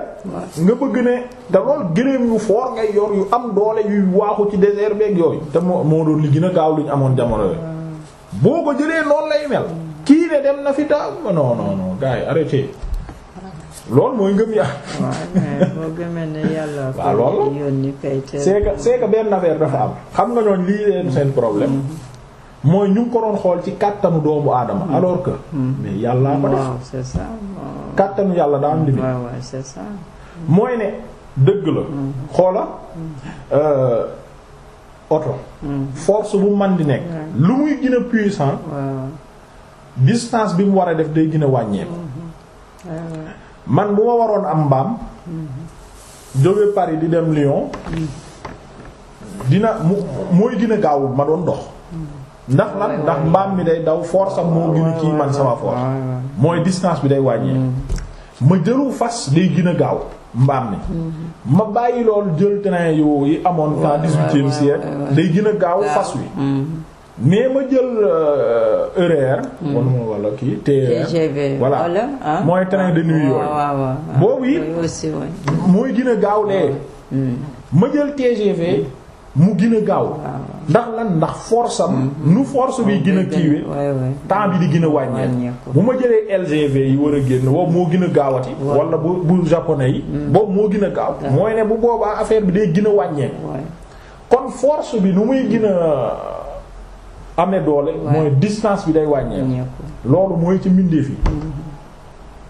nga bëgg ne te lool gëléem yu foor ngay yor yu am doole yuy waaxu ci désert beeg yooyu te moo moo doon li gën a gaaw lu ñu amoon jamono yooyu boo ko jëlee noonu lay mel kii ne dem na fi ta non non non gars yi arrêté mooy ngëm ya waaw loolu c'est que c'est que benn affaire dafa am xam nga ñooñ lii leen seen problème mm-hmm. mooy ñu ngi ko doon xool ci kàttanu doomu aadama mm-hmm. alors que mm-hmm. mais yàllaa ko def kàttanu yàlla daa am limite c'est mooy ne dëgg la xoola euh, oto force bu man di nekk lu muy gën puissant distance bi mu war a def day gën a wàññeeku. man bu ma waroon am mbaam. jóge Paris di dem Lyon. dina mu mooy gën a gaaw ma doon dox. ndax lan ndax mbaam mi day daw force am moo gën a kii man sama force. mooy distance bi day wàññeeku. ma jëlu fas day gin a gaaw mbaam mi. ma bàyyi lool jël train yu yi amoon. temps dix-huitième siècle day gën a gaaw fas wi. mais ma jël euh, RER. Hmm. kii TGV. voilà ah. mooy train de nuit yooyu. Ah, boobu it mooy gën a gaaw lee. Hmm. ma jël TGV mu gën a gaaw. Ah, ndax lan ndax force am. Hmm. nu force bi gën a temps bi di gën a wàññeeku. bu ma jëlee LGV yi war a génn boobu moo gën a gaawati. wala bu bu japonais yi. boobu moo gën a gaaw. mooy ne bu boobaa affaire bi day gën a wàññeeku. kon force bi nu muy gën amee doole mooy distance bi day wàññeeku loolu mooy ci mbindeef yi mm-hmm.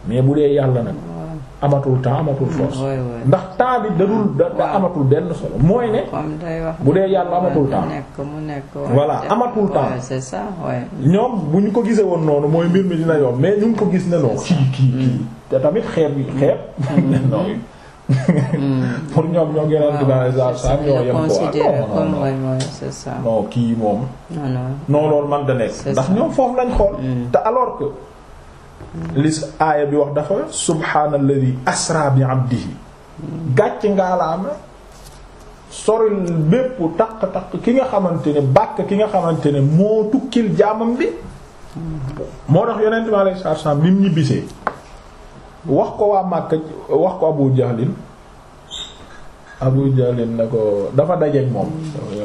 mais bu dee yàlla nag amatul temps amatul force ndax temps bi dadul da amatul benn solo mooy ne bu dee yàlla amatul temps voilà amatul temps c'est ça ñoom bu ñu ko gisee woon noonu mooy mbir mi dina yoon mais ñu ngi ko gis ne non kii kii kii mm. te tamit xeeb yi xeeb mm. pour ñoom ñoo gën a. waaw c'est c'est ça non kii moom. non non loolu man da ndax ñoom foofu lañ xool. Hmm. te alors que. Hmm. li aaya bi wax dafa subhaanalladhi asra bi abdihi. Hmm. gàcc ngaa la am soril bépp takk-takk ki nga xamante ne bàkk ki nga xamante ne moo tukkil jaamam bi. moo tax yonent bi alayhi salaam bi ñibbisee. wax ko waa Màkka wax ko Abu Jahlin Abu Jahlin ko dafa dajeeg moom ah,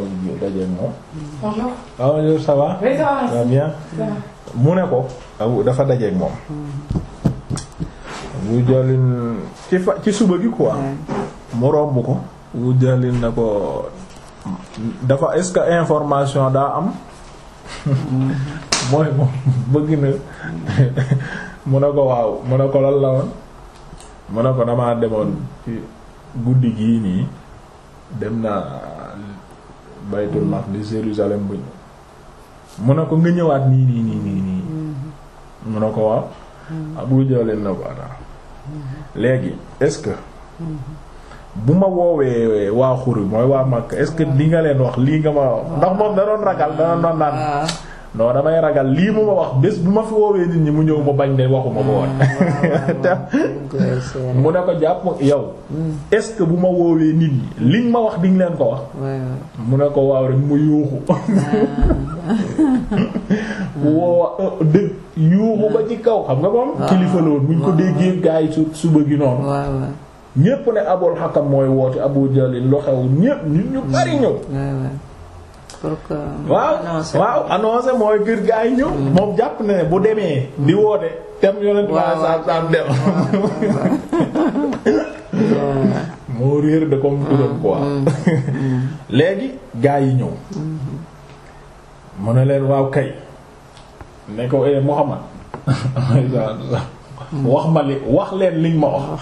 mu ne ko abu dafa dajeeg moom Abu ci fa ci suba gi quoi mu romb ko Abu Jahlin ko dafa est information daa am mm. mooy moom bëgg na mu ne ko waaw mu ne ko lan la woon mu ne ko damaa demoon ci guddi gii nii dem naa baytul maqdis Jérusalem bu ñu mu ne ko nga ñëwaat nii nii nii nii nii mm-hmm. mu ne ko waaw mm-hmm. Abu Jahl na ko ataa mm-hmm. léegi est-ce que bu ma woowee waa xuri mooy waa Makka est-ce que ah. li nga leen wax lii nga ma wax ndax moom da ragal da doon ah. non damay ragal lii mu ma wax bés bu ma fi woowee nit ñi mu ñëw ma bañ ne waxuma ko woon mu ne ko jàpp yow mm. est-ce bu ma woowee nit ñi liñ ma wax diñ leen ko wax mu ne ko waaw rek mu yuuxu woowa euh, dë yuuxu ba ci kaw xam nga moom kilifa la woon ko déggee gaa su suba gi noonu ñépp ne abul hakam mooy woote abu jalil lu xew ñépp ñu ñu bari ñëw pour que. annoncer waaw waaw annoncer mooy ngir gaa yi ñëw. Mm. moom jàpp na ne bu demee. di woote dem yonent ba saab saab dem. moo réer de comme mm. turam quoi. Mm. léegi gaa yi ñëw. Mm-hmm. mu ne leen waaw kay. ne ko eh Muhammad. wax ma li wax leen liñ ma wax.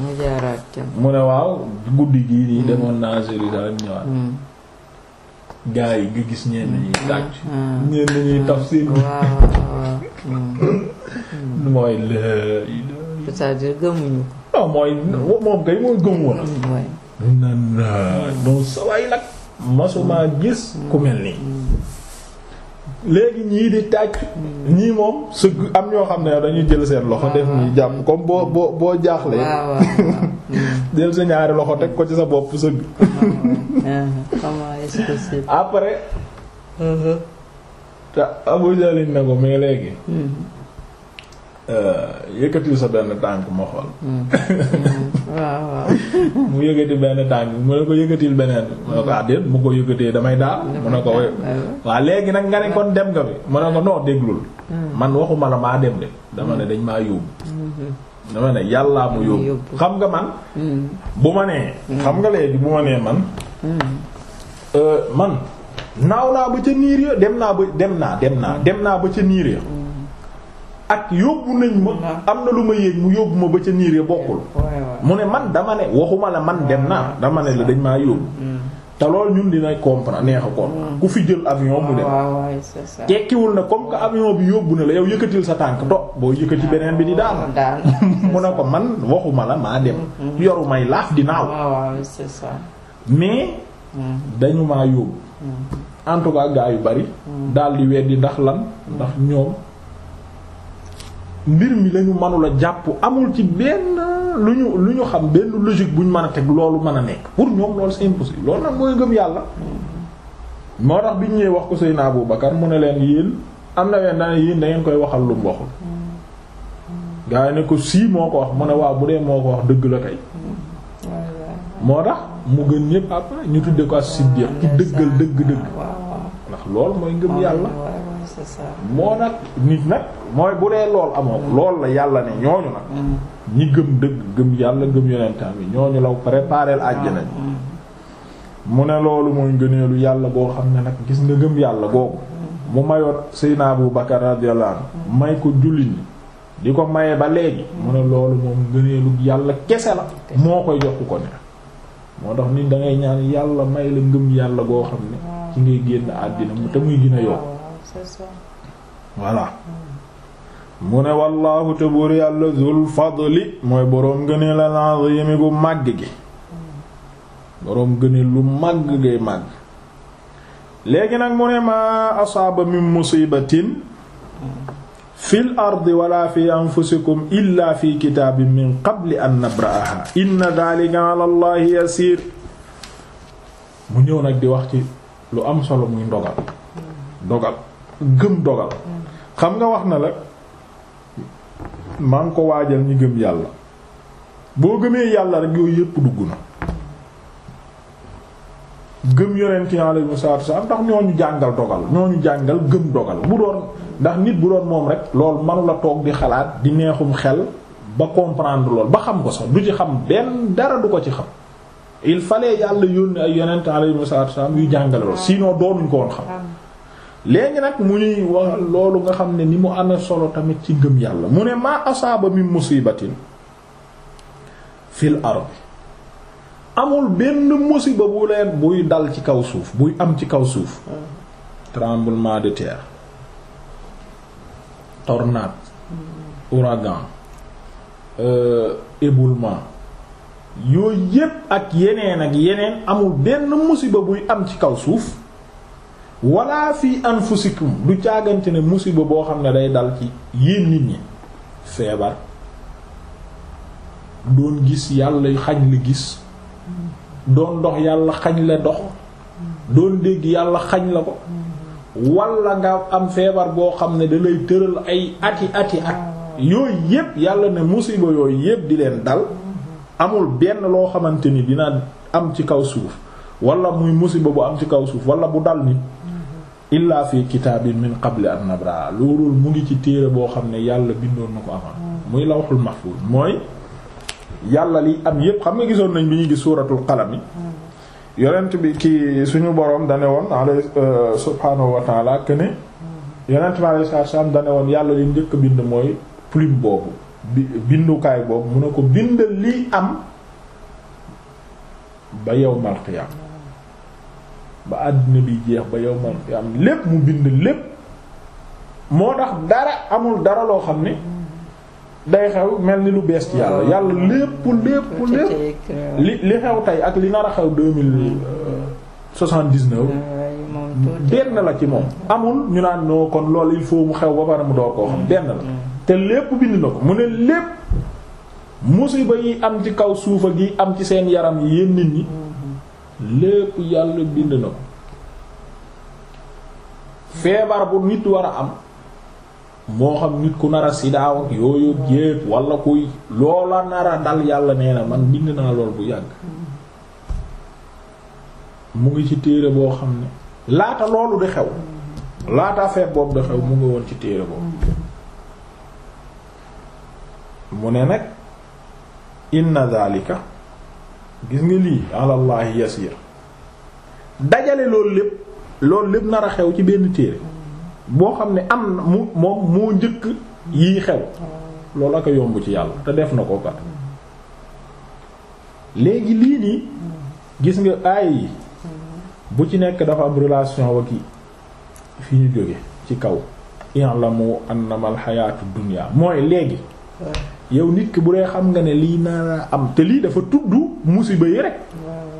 mu jaaraat ne waaw guddi gii nii demoon naa Jérusalem ñëwaat. gaa yi nga gis ñenn ñi mm. tàcc ah. ñenn ñi ah. tafsir bi mm. mm. mooy la c'est-à-dire gëmuñu ko moom kay mooy gëm woon nan non sawaay nag masuma gis ku mel nii léegi ñii di tàcc ñii moom sëgg am ñoo xam ne dañuy jël seen loxo def ñuy ah. jàmm comme boo boo boo jaaxlee ah, jël sa ñaari loxo teg ko ci sa bopp sëgg ah, après mm-hmm. te Abu Jalil ne ko mais léegi mm. Euh, yëkkatil sa benn tànk ma xool. Hmm. Hmm. waaw waaw. mu yëkkati benn tànk mu ne ko yëkkatil beneen bi. mu ko ah mu ko yëkkatee damay daal. mu ne ko waaw léegi nag nga ne kon dem nga bi mu ne ko hmm. man waxuma maa dem de dama ne dañ maa yóbbu. dama ne yàllaa mu yóbbu xam nga man. bu ma nee. xam nga léegi bu ma nee man. Euh, man naaw naa ba ca niir ya dem naa ba dem naa dem naa ba ca niir ya. ak yóbbu nañ ma am na lu ma yéeg mu yóbbu ma ba ca niir ya bokkul mu ne man dama ne waxuma la man dem naa dama ne la dañ maa yóbbu mm. te loolu ñun dina comprendre neex a comprendre mm. ku fi jël avion mu dem tekkiwul na comme que avion bi yóbbu na la yow yëkkatil sa tànk to boo yëkkati beneen bi di daan mu ne ko man waxuma la maa dem mm-hmm. yoru may laaf di naaw mais mm. dañu maa yóbbu mm-hmm. en tout cas gaa yu bari daal di weddi ndax lan ndax ñoom mbir mi lañu manula jàpp amul ci benn lu ñu lu ñu xam benn logique bu ñu mën a teg loolu mën a nekk pour ñoom loolu c'est impossible loolu nag mooy gëm yàlla moo tax bi ñu wax ko Seydina Abu Bakar mu ne leen yéen am na da ngeen koy waxal lu mu waxul gaa yi ko sii moo ko wax mu ne waaw bu dee moo ko wax dëgg la kay moo tax mu gën ñépp après ñu tudde ko as-Siddiq ki dëggal dëgg-dëgg ndax loolu mooy ngëm yàlla c'est ça moo nag nit nag mooy bu dee lool amoo mm. lool la yàlla ne ñooñu nag mm. ñi gëm dëgg gëm yàlla gëm yonentam bi ñooñu la préparé àjjana mm. mu ne loolu mooy ngëneelu yàlla boo xam ne nag gis nga gëm yàlla googu mu mayoon Seydina Abu Bakar radiyallahu may ko jullit ñi di ko maye ba léegi mu ne loolu moom ngëneelu yàlla kese la moo koy jox ko ne moo tax nit da ñaan yàlla may la ngëm yàlla goo xam ne ci ngay génn àddina te muy gën a c'est ça voilà mu ne wallaahu te buur yàlla zul fadli mooy boroom gëneel al azim gu màgg gi boroom gëneel lu màgg ngay màgg léegi nag mu ne maa asaaba min musibatin fil ardi wala fi anfusikum illa fi kitaabin min qabli an nabra'aha inna dhalika ala allahi mu ñëw nag di wax ci lu am solo muy ndogal ndogal gëm dogal xam nga wax na la maa ngi ko waajal ñu gëm yàlla boo gëmee yàlla rek yooyu yépp dugg na gëm yonent yi alayhi salaatu salaam ndax ñoo ñu jàngal dogal ñoo ñu jàngal gëm dogal bu doon ndax nit bu doon moom rek loolu manula toog di xalaat di neexum xel ba comprendre lool ba xam ko sax du ci xam benn dara du ko ci xam il fallait yàlla yónni ay yonent alayhi salaatu salaam yuy jàngale lool sinon doonuñ ko woon xam léegi nag mu ñuy wax loolu nga xam ne ni mu amee solo tamit ci ngëm yàlla mu ne maa asaaba min musibatin fil ardi amul benn musiba bu leen buy dal ci kaw suuf buy am ci kaw suuf tremblement de terre tornade ouragan euh, éboulement yooyu yépp ak yeneen ak yeneen amul benn musiba buy am ci kaw suuf wala fi anfusikum du caagante ne musiba boo xam ne day dal ci yéen nit ñi feebar doon gis yàlla xañ la gis doon dox yàlla xañ la dox doon dégg yàlla xañ la ko wala nga am feebar boo xam ne dalay lay tëral ay ati ati at yooyu yépp yàlla ne musiba yooyu yépp di leen dal amul benn loo xamante ni dina am ci kaw suuf wala muy musiba bu am ci kaw suuf wala bu dal ni illaa fi kitaabin min qabli an nabraa loolu mu ngi ci téere boo xam ne yàlla bindoon na ko avant muy lawhul mahfuz mooy yàlla li am yépp xam nga gisoon nañ bi ñuy gis suuratul qalam yonent bi ki suñu boroom dane woon alay euh, subhaanahu wa taala këne yonent bi alay salaam dane woon yàlla li njëkk bind mooy plume boobu bindukaay boobu mu ne ko bindal liy am ba yawmal qiyaama ba àddina bi jeex ba yow man am lépp mu bind lépp moo tax dara amul dara loo xam ne day xew mel ni lu bees ci yàlla yàlla lépp lépp li li xew tey ak li nar a xew de mille soixante-dix-neuf benn la ci moom amul ñu naan noo kon loolu il faut mu xew ba pare mu door koo xam benn la mm. te lépp bind na ko mu ne lépp musiba yi am ci kaw suufa gi am ci seen yaram yi yéen nit ñi mm. lépp yàlla bind na ko feebar bu nit war a am moo xam nit ku nar a sidaaw ak yooyu yépp wala kuy loola nar a dal yàlla nee na man bind naa lool bu yàgg mu ngi ci téere boo xam ne laata loolu di xew laata feeb boobu di xew mu ngi woon ci téere boobu mu ne nag inna dhalika gis nga lii alallahi yasir dajale loolu lépp loolu lépp nar a xew ci benn téere boo xam ne am na mu moom moo njëkk yi xew loolu ak yomb ci yàlla te def na ko kat léegi lii nii gis nga aay bu ci nekk dafa am relation wa ki fi ñu jóge ci kaw i'lamu annama al hayatu dunya mooy léegi yow nit ki bu dee xam nga ne lii naa am te lii dafa tudd musiba yi rek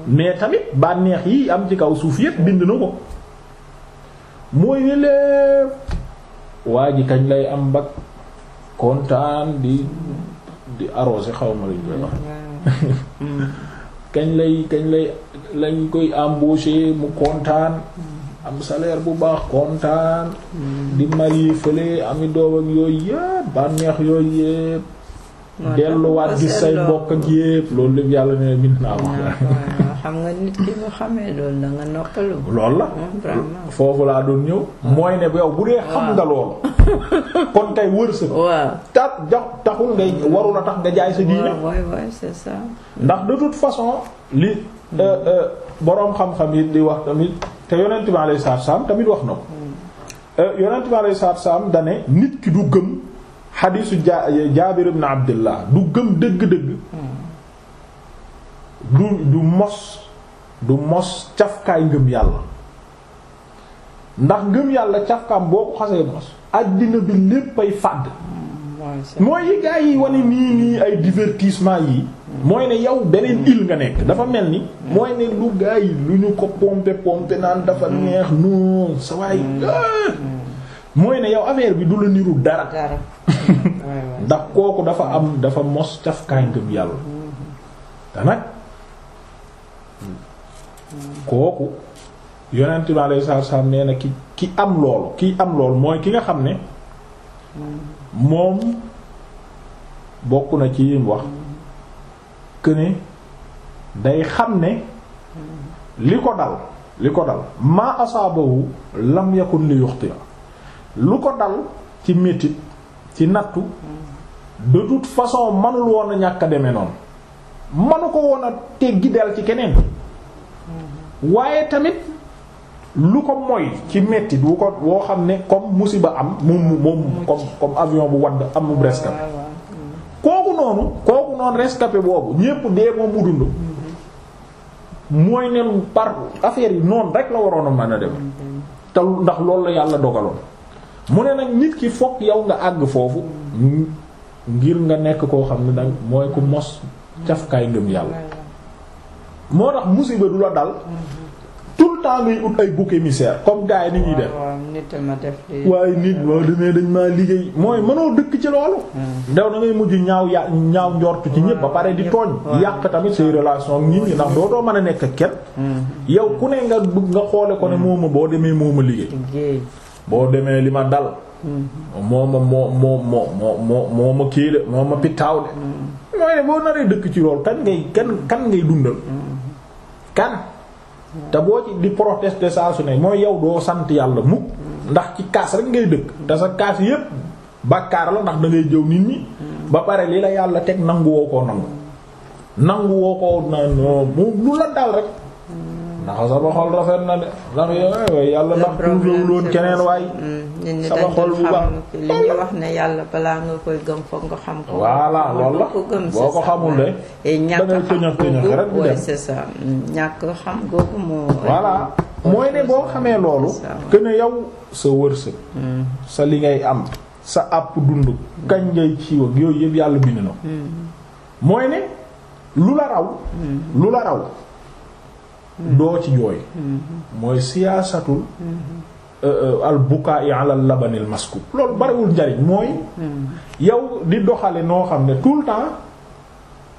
mais tamit bànneex yi am ci kaw suuf yépp bind na ko mooy ne lépp waa ji kañ lay am bag kontaan di di arrosé xaw ma lañ koy lay kañ lay lañ koy embauché mu kontaan am salaire bu baax kontaan mm. di marié fële ami doom ak yooyu yépp bànneex yooyu yépp delluwaat gis say mbokk ak yépp loolu lépp yàlla ne bind naa ko xam nga nit ki bu xamee loolu da nga noppalu loolu la hmm, foofu laa doon ñëw hmm. mooy ne yow bu dee xam nga loolu kon kay wërsëg waaw tax jox taxul ngay warul a tax nga jaay sa diine ndax de toute façon li euh, euh, boroom xam-xam yi li wax tamit te yonent bi alayhi salaam tamit wax na ko hmm. euh, yonent bi alayhi salaam dane nit ki du gëm xadiisu ja jaabir ibn abdullah du gëm dëgg-dëgg du du mos du mos cafkaay ngëm yàlla ndax ngëm yàlla cafkaam boo ko xasee mos àddina bi lépp ay fàdd mooy yi gaa yi wane nii nii ay divertissement yi mooy ne yow beneen île nga nekk dafa mel ni mooy ne lu gaa yi lu ñu ko pompe pompe naan dafa neex non sa mm. Ah! Mm. mooy ne yow affaire bi du la niru dara. ndax kooku dafa am dafa mos cafkaay ngëm yàlla. te nag kooku yonent bi alayhi salaatu salaam na ki ki am loolu ki am loolu mooy ki nga xam ne moom bokk na ci yim wax que day xam ne li ko dal li ko dal maa asaabahu lam yakun li yuxtiya lu ko dal ci métit ci nattu de toute façon manul woon a ñàkk a noonu manu ko woon a teggi dal ci keneen waaye tamit lu ko mooy ci métti bu ko woo xam ne comme musiba am moom moom comme comme avion bu wadd am bu rescapé kooku noonu kooku noonu rescapé boobu ñépp dee moom mu dund mooy ne par affaire yi noonu rek la waroon a mën a dem mm-hmm. te ndax loolu la yàlla dogaloon mu ne nag nit ki fokk yow nga àgg foofu ngir nga nekk koo xam ne nag mooy ku mos cafkaay ngëm yàlla moo tax musiba du la dal tout le temps ngay ut ay bouc émissaire comme gars yi ni ñuy def waaye nit boo demee dañ maa liggéey mooy mënoo dëkk ci loolu hmm. ndew na ngay mujj ñaaw ya ñaaw njortu ci ñëpp ba pare di tooñ hmm. Hmm. yàq tamit say relation ak nit ñi ndax doo doo mën a nekk kenn yow ku ne nga bëgg nga xoole ko ne mooma boo demee mooma liggéey boo demee li ma dal mm-hmm. moo ma moo moo moo moo moo moo ma kii de moo ma mm-hmm. boo naree dëkk ci loolu kan ngay kan kan ngay dundal mm-hmm. te boo ci di protester mooy yow doo sant yàlla mukk ndax ci kaas rek ngay dëkk te kaas yépp bàkkaar la ndax da ngay ba pare li la yàlla teg nangu koo na moom la dal rek ndax sama xol rafet na de ndax eh, yàlla ndax tuuloon keneen waay mm, sama xol bu baax li yàlla balaa nga koy gëm foog nga xam ko voilà loolu boo ko xamul mm, ñàkk xam googu moo voilà mooy ne boo xamee loolu que ne yow sa wërsëg mm. sa li ngay am sa àpp dund kañ ngay ciiw yooyu yëpp yàlla bind na mooy ne lu la raw lu la raw doo ci jooy mooy siyaasatul mm-hmm. euh, euh, al bukaa i ala labanil maskub loolu bariwul njariñ mooy mm-hmm. yow di doxale noo xam ne tout le temps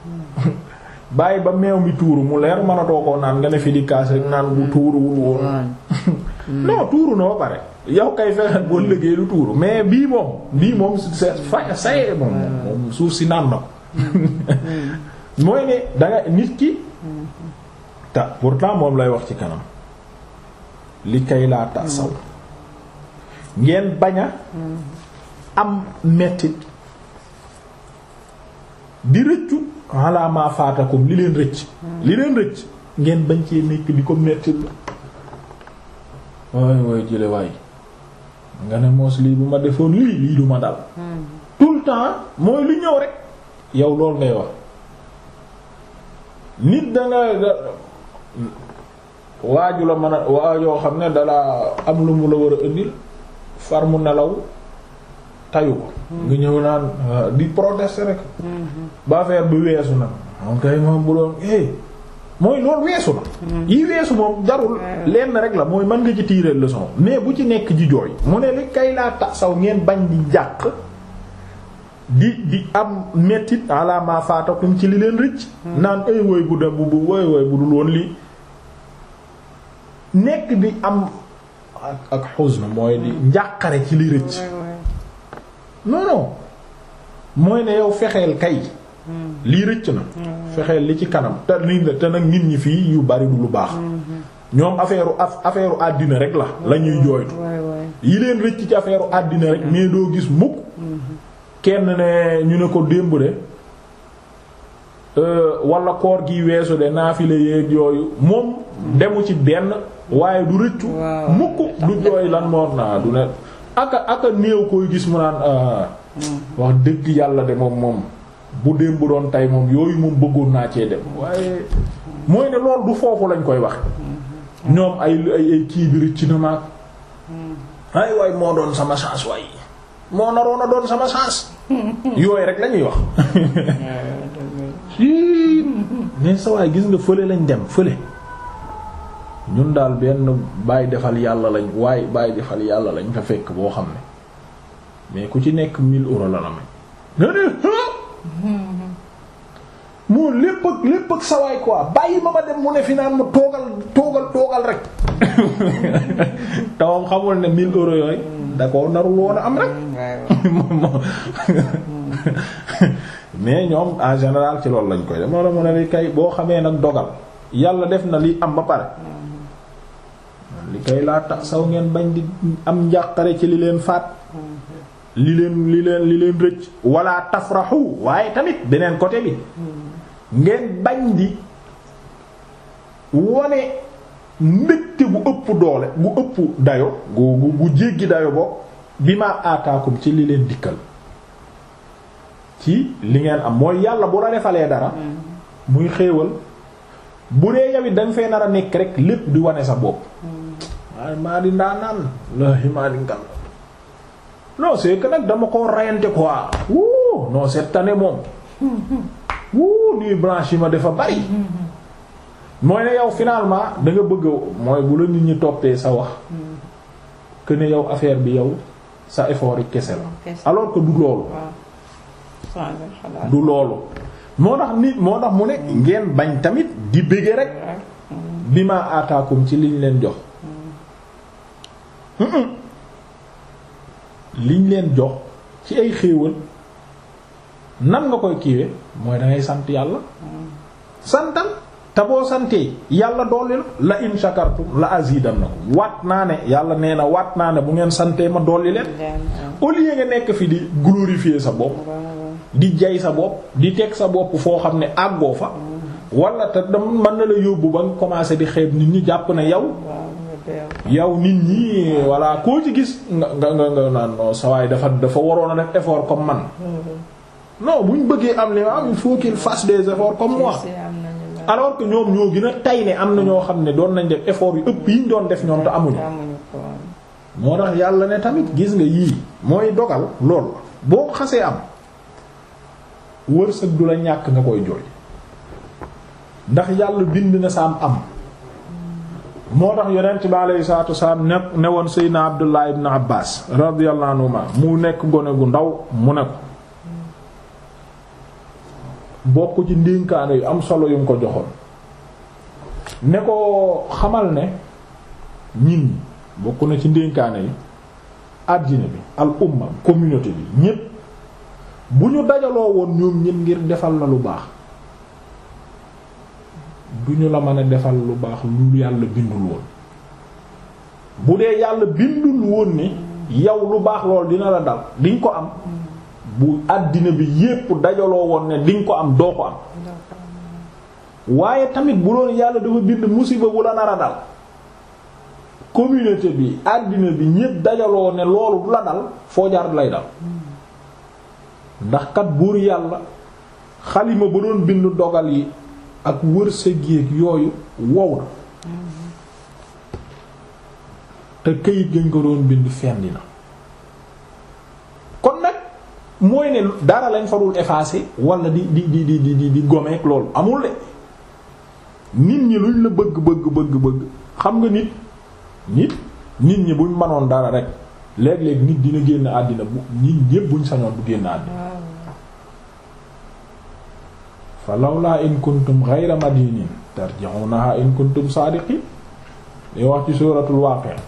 mm-hmm. bàyyi ba meew mi tuuru mu leer mënatoo koo naan nga ne fi di kaas rek naan bu tuuruwul woon non tuuru na pare yow kay fexeel boo liggéey lu tuuru mais bii moom bii moom suuf si naan na mooy ne danga nit ki ta pourtant moom lay wax ci kanam li kay laa tasaw ngeen bañ am mettit di rëccu ala ma faatakum li leen rëcc li leen rëcc ngeen bañ cee nekk di ko mettit la waay waay jële waay nga ne moos lii bu ma defoon lii lii du ma dal tout le temps mooy lu ñëw rek yow loolu ngay wax nit danga waaju la mën a waa xam ne dalaa am lu mu la war a indi far mu nelaw tayu ko hmm. nga ñëw naan ah, di protester rek hmm. ba bi weesu na moom kay moom bu doon eh mooy loolu weesu na hmm. yi weesu moom jarul lenn rek la mooy man nga ci tirer leçon mais bu ci nekk ji jooy mu ne li kay laa tax saw ngeen bañ di jàq di di am mettit alaamaa faatakum ci li leen rëcc naan ay woy bu dem bu woy woy bu dul woon lii nekk di am ak ak xusn mooy di njàqare ci li rëcc non mooy ne yow fexeel kay mm-hmm. lii rëcc na mm-hmm. fexeel li ci kanam te nit ñi fii yu bari du lu baax mm-hmm. ñoom affaire affaire àddina rek la lañuy ñuy jooytu yi leen rëcc ci affaire àddina rek mais doo gis mukk kenn ne ñu ne ko démb de Euh, walla koor gi weesu de naafile yeeg yooyu moom demu ci benn waaye du rëccu mukk du jooy lan moom naa du ne aka aka néew koy gis mu naan ah. mm. wax dëgg yàlla de moom moom bu démb bu doon tey moom yooyu moom bëggoon naa cee dem waaye mooy ne loolu du foofu lañ koy wax mm-hmm. ñoom ay ay ay kii bi rëcc mm. ay waay moo doon sama chance waay moo naroon a doon sama chance yooyu rek lañuy wax mais sa gis nga fële lañ dem fële ñun daal benn bàyyi defal yàlla lañ waaye bàyyi defal yàlla lañ fa fekk boo xam ne mais ku ci nekk 1000 euros la la may. nga ne moo lépp ak lépp ak sawaay quoi bàyyi ma ma dem mu ne fi naan ma toogal toogal toogal rek tawam xamul ne 1000 euros yooyu da ko narul woon am rek. Mm, mais ñoom en général ci loolu lañ koy def moo mën a li kay boo xamee nag dogal yàlla def na li am ba pare li kay laa tax saw ngeen bañ di am njàqare ci li leen faat li leen li leen li leen rëcc wala tafraxu waaye tamit beneen côté bi ngeen bañ di wone mbégte bu ëpp doole bu ëpp dayo gu gu jéggi dayo boo bi ma aataakum ci li leen dikkal ci li ngeen am mooy yàlla bu la defalee dara muy xéewal bu dee yawit da nga nar a nekk rek lépp di wane sa bopp waaye maa di dama ko reyante quoi wuu non année moom wuu nuit yi ma dafa bari mooy ne yow finalement da nga bëgg mooy bu la nit ñi toppee sa wax hmm. que ne yow affaire bi yow sa effort kese la alors que du loolu du loolu moo tax nit mu ne ngeen bañ tamit di bëgge rek bi ma ataakum ci liñ leen jox liñ leen jox ci ay xéewal nan nga koy kiiwe mooy dangay sant yàlla santal te boo santee yàlla dolli la in shakartum la azidannakum wat naa ne yàlla nee na waat naa ne bu ngeen santee ma dolli leen au lieu nga nekk fi di glorifier sa bopp di jay sa bopp di teg sa bopp foo xam ne àggoo fa wala te da man na la yóbbu ba nga commencé di xeeb nit ñi jàpp na yow yow nit ñi voilà koo ci gis nga nga nga naan non sawaay dafa dafa waroon a def effort comme man mm-hmm. non bu ñu bëggee am li am il faut qu'il des efforts comme moi alors que ñoom ñoo gën a tay ne am na ñoo xam ne doon nañ def effort yu ëpp yi doon def ñoom te amuñu moo tax yàlla ne tamit gis nga yii mooy dogal lool boo xasee am wërsëg du la ñàkk nga koy jooy ndax yàlla bind na saam am moo tax yonent bi alayhi salaatu wasalaam ne ne woon Seydina Abdullah ibn Abbas radiyallahu anhuma mu nekk gone gu ndaw mu ne ko bokk ci ndénkaane yu am solo yu mu ko joxoon ne ko xamal ne ñin bokk na ci ndénkaane yi àddina bi al umma bi ñépp bu ñu dajaloo woon ñoom ñin ngir defal la lu baax du ñu la mën a defal lu baax lu yàlla bindul woon bu dee yàlla bindul woon ni yow lu baax lool dina la dal di ko am bu àddina bi yépp dajaloo woon ne di ko am doo ko am waaye tamit bu doon yàlla dafa bind musiba bu la nar a dal communauté bi àddina bi ñépp dajaloo ne loolu du la dal foo lay dal ndax kat buur yàlla xalima ba doon bind dogal yi ak wërsëg yi yooyu wow na te këyit gañ doon bind fendi na mooy ne dara lañ farul effacer wala di di di di gomeek loolu amul de nit ñi luñ la bëgg bëgg bëgg xam nga nit nit ñi buñ mënoon dara rek léeg-léeg nit dina génn àddina bu nit ñépp buñ sañoon bu génn àddina fa lawlaa in kuntum ghayra madinin tarji'unaha in kuntum saadiqin li wax ci suuratul waaqi'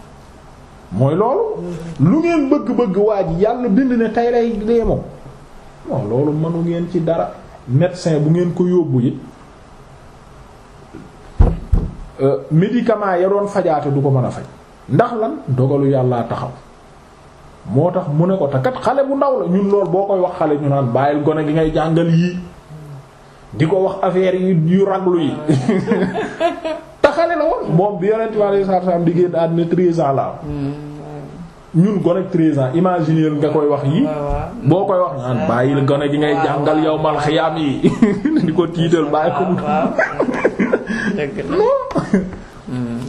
mooy loolu lu ngeen bëgg-bëgg waa ji yàlla bind ne tey lay dee moom loolu mënu ngeen ci dara médecin bu ngeen ko yóbbu yi euh, médicament ya doon fajaate du ko mën a faj ndax lan dogalu yàlla taxaw moo tax mu ne ko te kat xale bu ndaw la ñun lool boo koy wax xale ñu naan bàyyil gone gi ngay jàngal yii di ko wax affaire yu raglu yi xale la woon moom bi yonent bi alayhi salaatu salaam di génn àddina treize ans la hmm. ñun gone 13 ans imaginer nga koy wax yi boo koy wax naan bàyyil gone gi ngay jàngal yow mal xiyaam yi di ko tiital bàyyi ko mu hmm.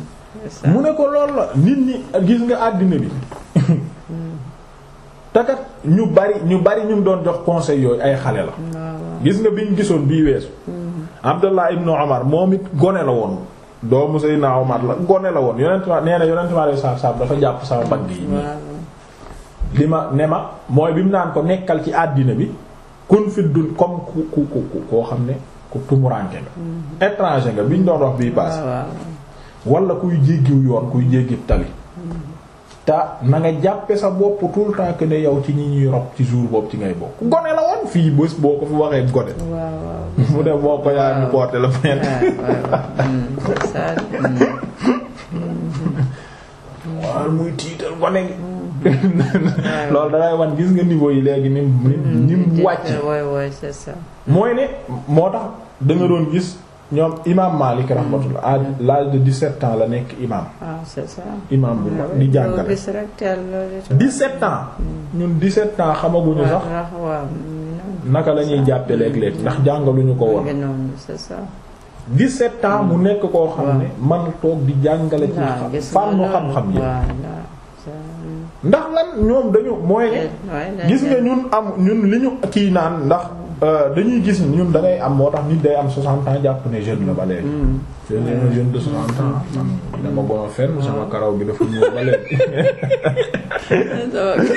mu ne ko lool la nit ñi gis nga àddina bi hmm. takat ñu bari ñu bari ñu doon jox conseil yooyu ay xale la gis nga biñ gisoon bii weesu Abdallah ibnu Omar moom it gone la woon doomu naaw Omar la gone la woon yonent ma nee na yonent ma lay saab saab dafa jàpp sama mbagg yi li ma ne ma mooy bi mu naan ko nekkal ci àddina bi kun fi dun comme ku ku ku koo xam ne ku tumuranke nga mm-hmm. étranger nga biñ doon wax bii paase ah, walla kuy jéggiw yoon kuy jéggi tali mm-hmm. te na nga jàppe sa bopp tout le temps ne yow ci ñi ñuy rob ci jour boobu ci ngay bokk gone la woon ko fii bés boo ko fi waxee gote mu dem boo ko yaay mu porté la plainte ah, hmm, hmm. Hmm. loolu dangay wan gis nga niveau yi léegi ni mu ni mu wàcc mooy ne moo tax danga doon gis ñoom imam Malik rahmatullah à l'âge de 17 ans la nekk imam ah bu mag di jàngale 17 ans ñun 17 ans xamaguñu sax naka la ñuy jàppe léeg-léeg ndax jàngaluñu ko woon. c'est ça. 17 ans mu nekk koo xam ne man toog di jàngale ci fànnu xam-xam yi ndax lan ñoom dañu mooy ne gis nga ñun am ñun li ñu kii naan ndax euh, dañuy gis ñun da am moo tax nit day am 60 ans jàpp ne jeune la ba léegi mm. jeune jeune de 60 ans man dama fenn mm. sama karaw bi dafa ñëw ba léegi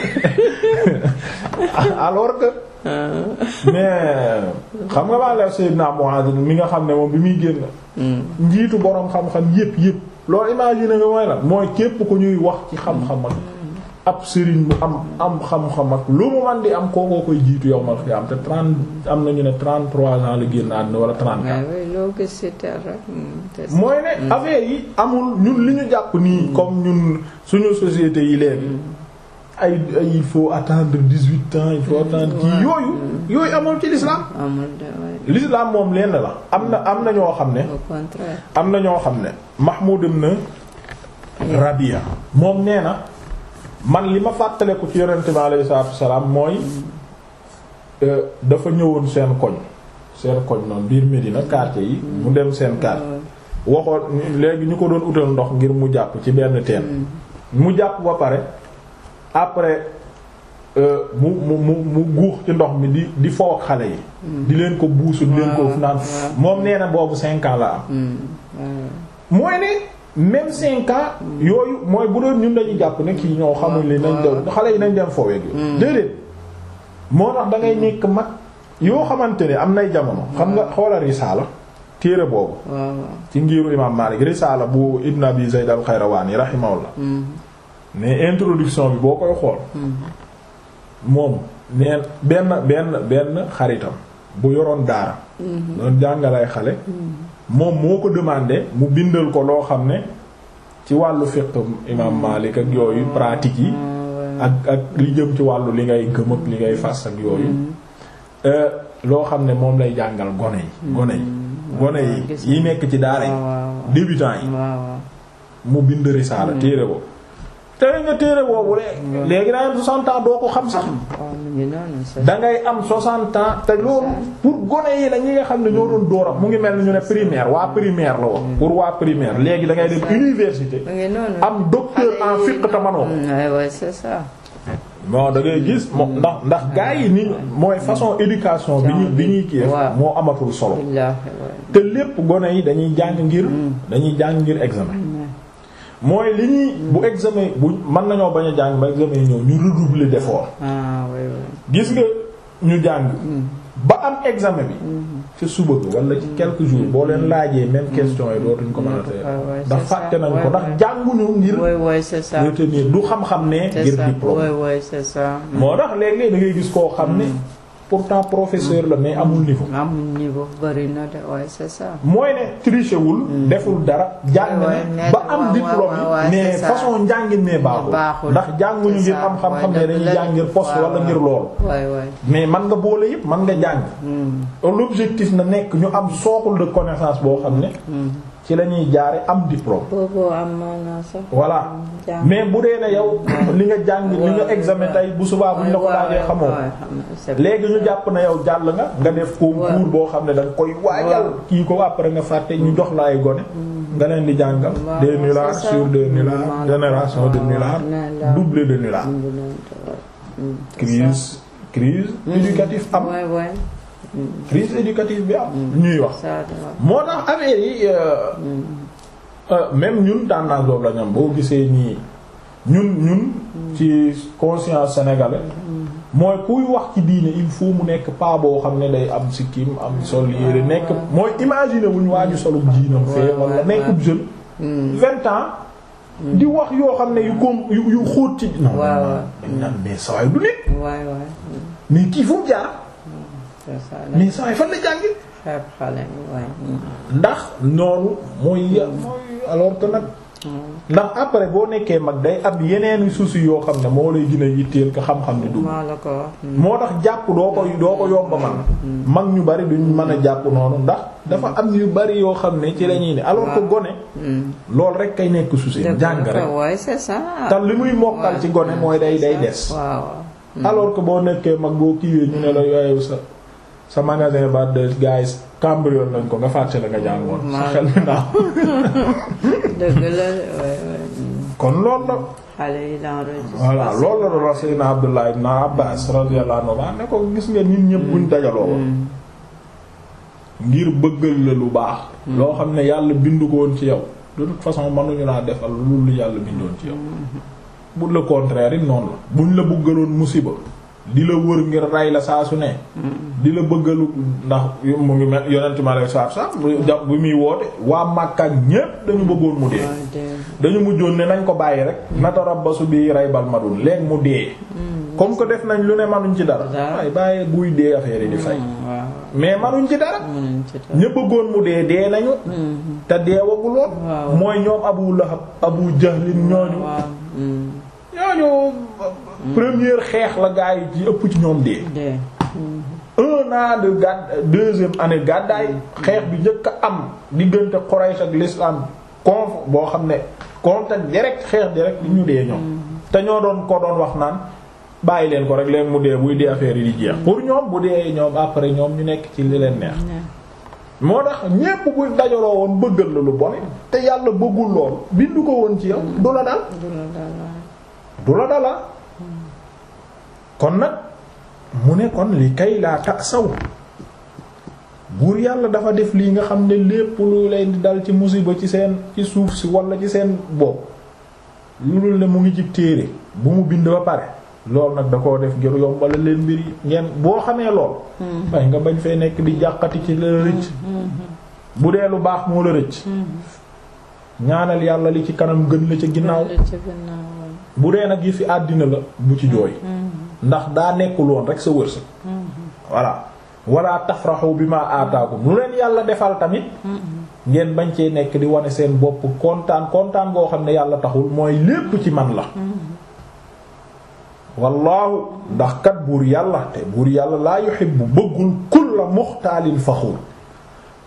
alors que mais xam nga maa naa Seydina Muaz mi nga xam ne moom bi muy génn. Hmm. njiitu borom xam-xam yépp yépp. loolu imagine nga mooy lan mooy képp ku ñuy wax ci xam-xam ak ab sëriñ bu am am xam-xam ak lu mu man di am kookoo koy jiitu yow mal am te trente am nañu ne trente trois ans la génn àddina wala trente quatre hmm, mooy ne hmm. affaire yi amul ñun li ñu jàpp nii comme ñun suñu société yi léegi ay ay il faut attendre dix-huit ans il faut attendre kii yooyu yooyu amul ci l'islam l'islam moom lenn la am na am na ñoo xam ne am na ñoo xam ne Mahmoud ibn Rabia moom nee na man li ma fàttaleku ci yonente bi alayhi salaatu wasalaam mooy euh, dafa ñëwoon seen koñ seen koñ noonu biir Médina quartier yi mm. mu dem seen quartier waxoon léegi ñu ko doon utal ndox ngir mu jàpp ci benn teen mm. mu jàpp ba pare après euh, mu mu mu mu guux ci ndox mi di di fo xale yi. Mm. di leen ko buusu di leen ko naan moom nee boobu cinq ans la am. Mm. mooy ne même cinq ans. Mm. yooyu mooy bu doon ñun dañu jàpp ne kii ñoo xamul ne nañ dem xale yi nañ dem foweeg yooyu. déedéet moo tax da nekk mag yoo xamante ni am nay jamono. xam nga xoolal risaala téere boobu. ci ngiru imaam Maalik risaala bu Ibn Abi Zayd al-Qayrawani rahimahullah mais introduction bi boo koy xool moom neen benn benn benn xaritam bu yoroon daara mm-hmm. doon jàngalay xale mm-hmm. moom moo ko demande mu bindal ko loo xam ne ci wàllu fiqh imam Malik ak yooyu mm-hmm. pratique yi ak ak li jëm ci wàllu li ngay gëm ak li ngay fas ak yooyu euh, loo xam ne moom lay jàngal gone yi gone yi gone yi ah, yi nekk ci daara yi ah, débutant yi ah, mu bind risaala téere ko tere nga téere boobu mm. léegi da ngay am 60 ans doo ko xam sax mm. da ngay am 60 ans te loolu pour gone yi la ñi nga xam ne ñoo doon dooram mu ngi mel ni ñu ne primaire waa primaire la woon mm. pour waa primaire léegi da ngay dem université am docteur en fiqh te manoo bon da ngay gis moom ndax ndax gaa yi ni mooy façon éducation bi ñu bi ñuy kii moo amatul solo te lépp gone yi dañuy jàng ngir dañuy jàng ngir examen mooy li ñuy bu examen bu mën nañoo bañ a jàng ba examen ñëw ñu redoubler d'effort. ah oui gis nga ñu jàng. Hmm. ba am examen bi. Hmm. ca suba bi wala ci quelque jours hmm. boo leen laajee même question yi dootuñ ko mën a tey ah, ndax fàtte nañ ko ndax jànguñu ngir. retenir du xam-xam ne. ngir diplôme. moo tax léeg-léeg da ngay gis koo xam ne. pourtant professeur la mais amul niveau. Mm. amul niveau bari na de ouais c'est mooy ne tricher wul. Mm. deful dara jàng na ba am diplôme yi mais façon njàngin ne baaxul. ndax jànguñu ngir am xam-xam ne dañuy jàng ngir poste wala ngir loolu. mais man nga boole yëpp man nga jàng. Mm. l'objectif na nekk ñu am socle de connaissance boo xam ne. ci la ñuy jaare am diplôme. booboo am maanaam sax. mais bu dee ne yow li nga jàng li nga examen tey bu subaa buñ la ko laajee xamoo. léegi ñu jàpp na yow jàll nga nga def concours boo xam ne da nga koy waajal. kii ko après nga fàtte ñu jox la ay gone. Mm. nga leen di jàngal. des nullards sur des nullards génération de nullards double de nullards. Mm, crise crise mm. éducative am. crise éducative bi am. Mm. ñuy wax moo tax affaire yi euh, mm. euh, même ñun tendance boobu la ñu boo gisee nii ñun ñun. Mm. ci conscience sénégalaise. mooy kuy wax ci diine il faut mu nekk pas boo xam ne day am sikkim am sol ah, yére nekk mooy imaginer wuñ waaju solub diinam fee wala nekkub jeune. vingt ans. di wax yoo xam ne yu koom yu yu ci. waaw mais saa du nit. mais kii fu jaar. mais saa yi fan la jàngi ndax noonu mooy mooy mm. alors que nag mm. ndax après boo nekkee mag day am yeneen soucis yoo xam ne moo lay gën a yitteel ko xam-xam di dugg moo tax jàpp doo ko doo ko man mm. mag ñu bari ñu mën a jàpp noonu ndax dafa am yu bari yoo xam ne ci lañuy ne alors que gone loolu rek kay nekk soucis jàng rek tam li muy mokkal ci gone mooy day day des alors que boo nekkee mag boo kiiwee ñu ne la yooyu sa sa magasin ba de guys cambriole lañ ko nga fàtte la nga jàngoon. sa xel mi ndax. dëgg la kon loolu la. xale yi voilà loolu la doon wax Seydina Abdullah ibn Abbas radiyallahu ne ko gis nga nit ñëpp buñ mm. dajaloo. Mm. ngir bëggal la lu baax. Mm. loo xam ne yàlla bindu ko ci yow. de toute façon mënuñu naa defal lu yàlla bindoon ci yow. bu le contraire it noonu la buñ la bëggaloon musiba. di la wër ngir ray la saa su ne di la lu ndax mu ngi mel yonente mi alayhi salaatu salaam ja bi muy woote waa Makka ñépp dañu bëggoon mu ah, dee dañu mujjoon ne nañ ko bàyyi rek natarabbasu bi raybal madun léegi mu dee mm. comme que def nañ lu ne manuñ ci dara waaye bàyyi buy dee affaire yi di fay mm, mais manuñ ci dara ña bëggoon mu dee dee nañu mm-hmm. te deewaguloon mooy ñoom Abu Lahab Abu Jahlin ñooñu ñooñu première xeex la gaa yi ci ëpp ci ñoom dee un an de gàdd deuxième année gàddaay xeex bi njëkk am diggante Quraysh ak l'islam conf boo xam ne contact direct xeex direct li ñu dee ñoom mm-hmm. te ñoo doon ko doon wax naan bàyyi leen ko rek leen mu dee muy dee affaire yi di jeex pour ñoom bu dee ñoom après ñoom ñu nekk ci li leen neex moo tax ñépp bu dajaloo woon bëggal la lu bon te yàlla bëggul lool bindu ko woon ci yow du la dal du la dala kon nag mu ne kon li kay laa ta saw buur yàlla dafa def lii nga xam ne lépp lu di dal ci musiba ci seen ci suuf si wala ci seen bopp loolu ne mu ngi jib téere bu mu bind ba pare loolu nag da koo def ngir yombala leen mbir yi ngeen boo xamee lool hmm. waaye nga bañ fee nekk bi jàqati ci la hmm. rëcc hmm. bu dee lu baax moo la rëcc ñaanal yàlla li ci kanam gën la ci ginnaaw bu dee nag yi fi àddina la bu ci jooy mm-hmm. ndax daa nekkul woon rek sa wërsëg mm-hmm. voilà wala tafraxu bi ma aataakum lu leen yàlla defal tamit mm-hmm. ngeen bañ cee nekk di wane seen bopp kontaan kontaan goo xam ne yàlla taxul mooy lépp ci man la wallaahu ndax kat buur yàlla te buur yàlla laa bu bëggul kulla muxtaalin faxuur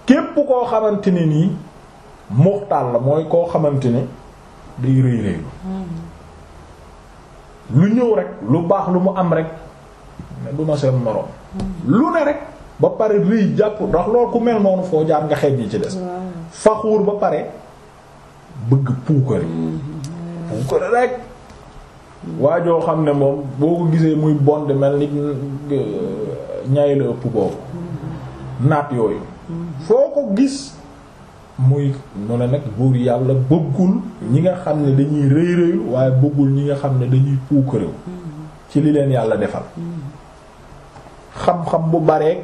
képp koo xamante ne nii muxtaal la mooy koo xamante ne day rëy rëy lu ñëw rek lu baax lu mu am rek ne du ma seen moroom lu ne rek ba pare rëy jàpp ndax loolu ku mel noonu foo jaar nga xeeb ci des faxuur ba pare bëgg puukare puukare rek waa joo xam ne moom boo ko gisee muy bond mel ni euh, ñay la ëpp mm-hmm. naat yooyu foo ko gis muy mu ne nag buur yàlla bëggul ñi nga xam ne dañuy rëy rëyu waaye bëggul ñi nga xam ne dañuy puukarew ci li leen yàlla defal xam-xam bu bareeg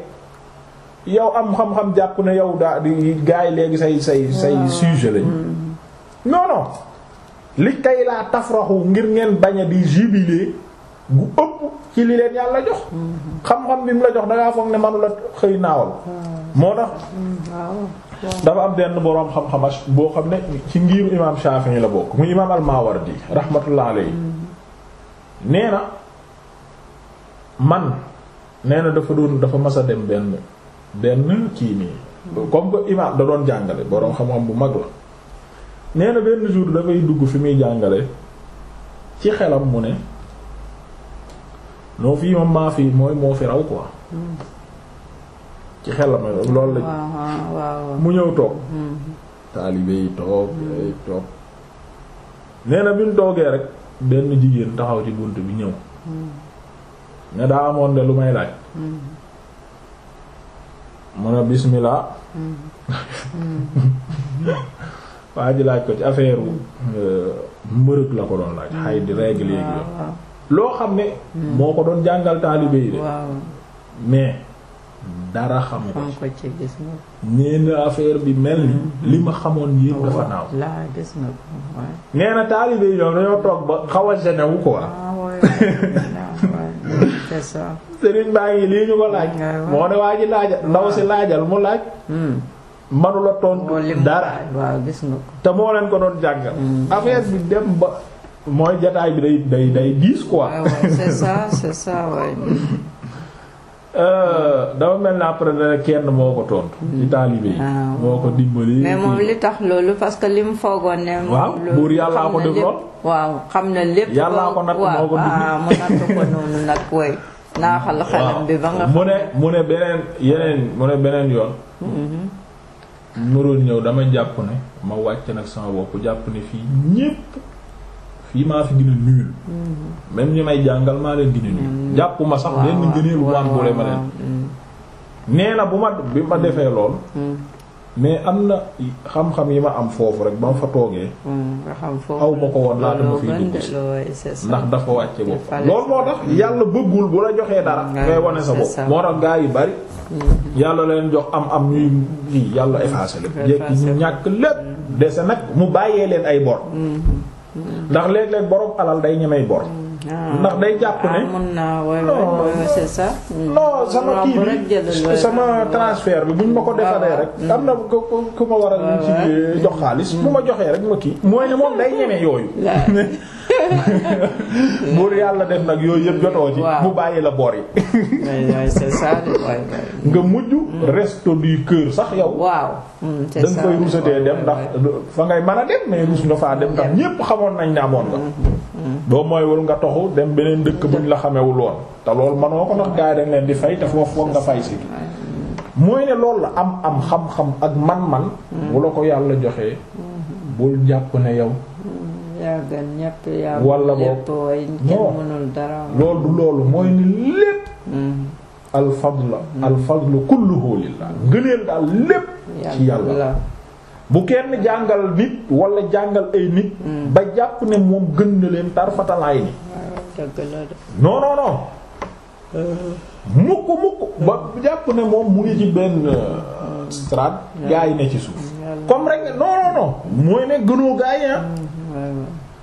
yow am xam-xam jàpp ne yow daa di gaay léegi say say say sujet lañu hmm. non non li kay laa tafraxu ngir ngeen bañ a di jubiler gu ëpp ci li leen yàlla jox hmm. xam-xam bi mu la jox dangaa foog ne manula xëy naawal hmm. moo tax dafa am benn boroom xam-xam boo xam ne ci ngiiru imaam Shafi'i la bokk mu imaam al-Mawardi rahmatullah alayhi hmm. nee na man nee na dafa doon dafa mas a dem benn benn kii nii comme que imaam da doon jàngale boroom xam-xam bu mag la nee na benn jour dafay dugg fi muy jàngale ci xelam mu ne noo fii moom maa fi mooy moo fi raw quoi hmm. ci loolu la mu ñëw toog hmm. taalibe yi toog yi toog nee bi mu toogee rek benn jigéen taxaw ci bunt bi ñëw hmm. ne daa amoon de lu may laaj hmm. mu ne bismillah waa ji laaj ko ci affaire euh, mbërëg la ko doon laaj xay di règle yéegi loo xam ne moo ko doon jàngal taalibe yi de mais dara xamu ko ci nee na affaire bi mel ni li ma xamoon yépp dafa naaw nee na taalibe yi ñoom dañoo toog ba xaw a gêné wu quoi ah, sëriñ baa ngi lii ñu ko laaj moo ne waa ji laajal ndaw si laajal mu laaj hmm. manula tontu dara te moo leen ko doon jàngal hmm. affaire bi dem ba mooy jataay bi day day day diis quoi ah, c'est ça c'est ça ouais Euh, dafa mel ni après dana kenn moo ko tontu. Hmm. ci taalibe ah, moo ko dimbali. mais moom li tax loolu parce que li mu foogoon ne. waaw buur yàllaa ko def mu ne beneen yeneen mu ne beneen yoon. Mm-hmm. mu ñëw dama jàpp ne ma wàcc nag sama bopp jàpp ne fii ñépp. fii maa fi gën a nuyul mm-hmm. même may jàngal maa leen gën a nuyul mm-hmm. jàpp ma sax benn gëneelu wàmbule ma leen mm-hmm. nee na bu ma bi ma defee lool mais am na xam-xam yi ma am foofu rek ba ma fa toogee aw ma ko woon laa ma fiy dugg si ndax dafa wàcce bopp loolu moo tax yàlla bëggul bu la joxee dara ngay wone sa bopp moo tax gaa yi bari yàlla leen jox am am ñuy yàlla effacé lépp jekki ñàkk lépp dese nag mu bàyyee leen ay bor ndax léeg-léeg borom alal day ñemey bor. Hmm. ndax day jàpp ne ah, hmm. non sama kii bi sama hmm. transfert bi buñ ma ko defaree rek. am na ku ku ma war a ci jox xaalis bu ma joxee rek ma kii. mooy ne moom day ñeme yooyu. buur yàlla def nag yooyu yëpp jotoo ci. mu bàyyi la boor yi. c'est ça nga mujj. resto du kër sax yow. waaw hmm, c'est ça da nga koy rusatee dem ndax fa ngay mën a dem mais rus nga faa dem ndax ñépp xamoon nañ ne amoon nga. Hmm, hmm. boo mooywul nga toxu dem beneen dëkk buñ la xamewu woon te loolu manoo ko ndax gars yi dañ leen di fay te foofu foog nga fay si. mooy ne loolu la am am xam-xam ak man-man. bu la ko yàlla joxee. bul jàpp ne yow. yaa gën ñëpp yaa wala boog non loolu du loolu mooy ni lépp mm. al fadla mm. al fadlu kulluhu ngëneel daal lépp ci yàlla bu kenn jàngal nit wala jàngal ay nit mm. ba jàpp ne moom gën na leen tarfatalaay ni non mukk mukk ba jàpp ne moom mu ngi ci benn euh, strade gaa yi ne ci suuf comme rek non mooy ne gënoo gaa yi ah.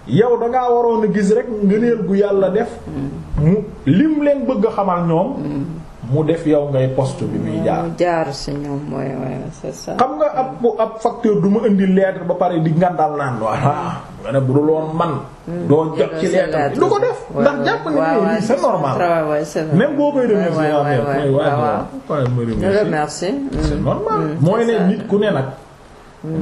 yow danga waroon a gis rek ngëneel gu yàlla def mu lim leen bëgg a xamal ñoom mu def yow ngay poste bi muy jaar xam nga ab ab facteur du ma indi lettre ba pare di ngandal naan voilà hmm. nga ne bu dul man hmm. doo jot ci lettre bi du ko def ndax jàpp ni c'est normal même boo koy remercier waaye waaye ma mooy ne nit ku ne nag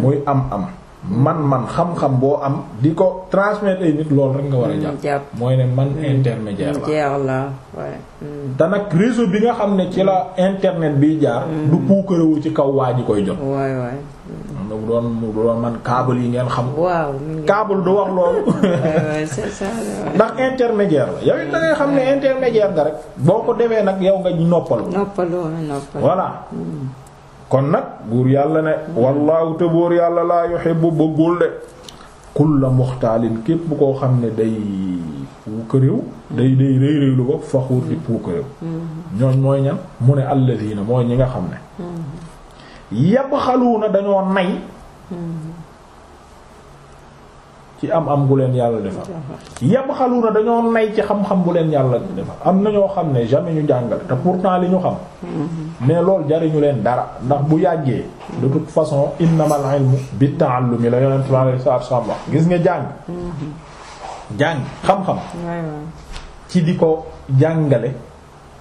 muy hmm. am am man-man xam-xam boo am di ko transmettre ay nit loolu rek nga war a hmm, jàpp mooy ne man intermédiaire la hmm. te nag réseau bi nga xam ne ci la internet biy jaar hmm. du puukarewu ci kaw waa ji koy jot mu doon mu man câble yi ngeen xam. waaw câble du wax loolu. ndax intermédiaire la yow it da xam ne intermédiaire nga rek. boo ko demee nag yow nga noppalu. noppalu voilà. kon nag buur yàlla ne wallaahu te buur yàlla laa yuhibbu bëggul de kulla muxtaalin képp koo xam ne day puukaréew day day rëy rëy lu ba faxuur di puukaréew ñooñ mooy ñan mu ne alladiina mooy ñi nga xam ne mm-hmm. yabxaluuna dañoo nay mm-hmm. ci am am bu leen yàlla xalu yabxaluuna dañoo nay ci xam-xam bu leen yàlla defal am na ñoo xam ne jamais ñu jàngale te pour pourtant li ñu xam mais loolu jariñu leen dara ndax bu yàggee de toute façon innamal ilmu bit ta'allumi la yonent bi alayhi salaatu wasallam gis nga jàng jàng xam-xam ci di ko jàngale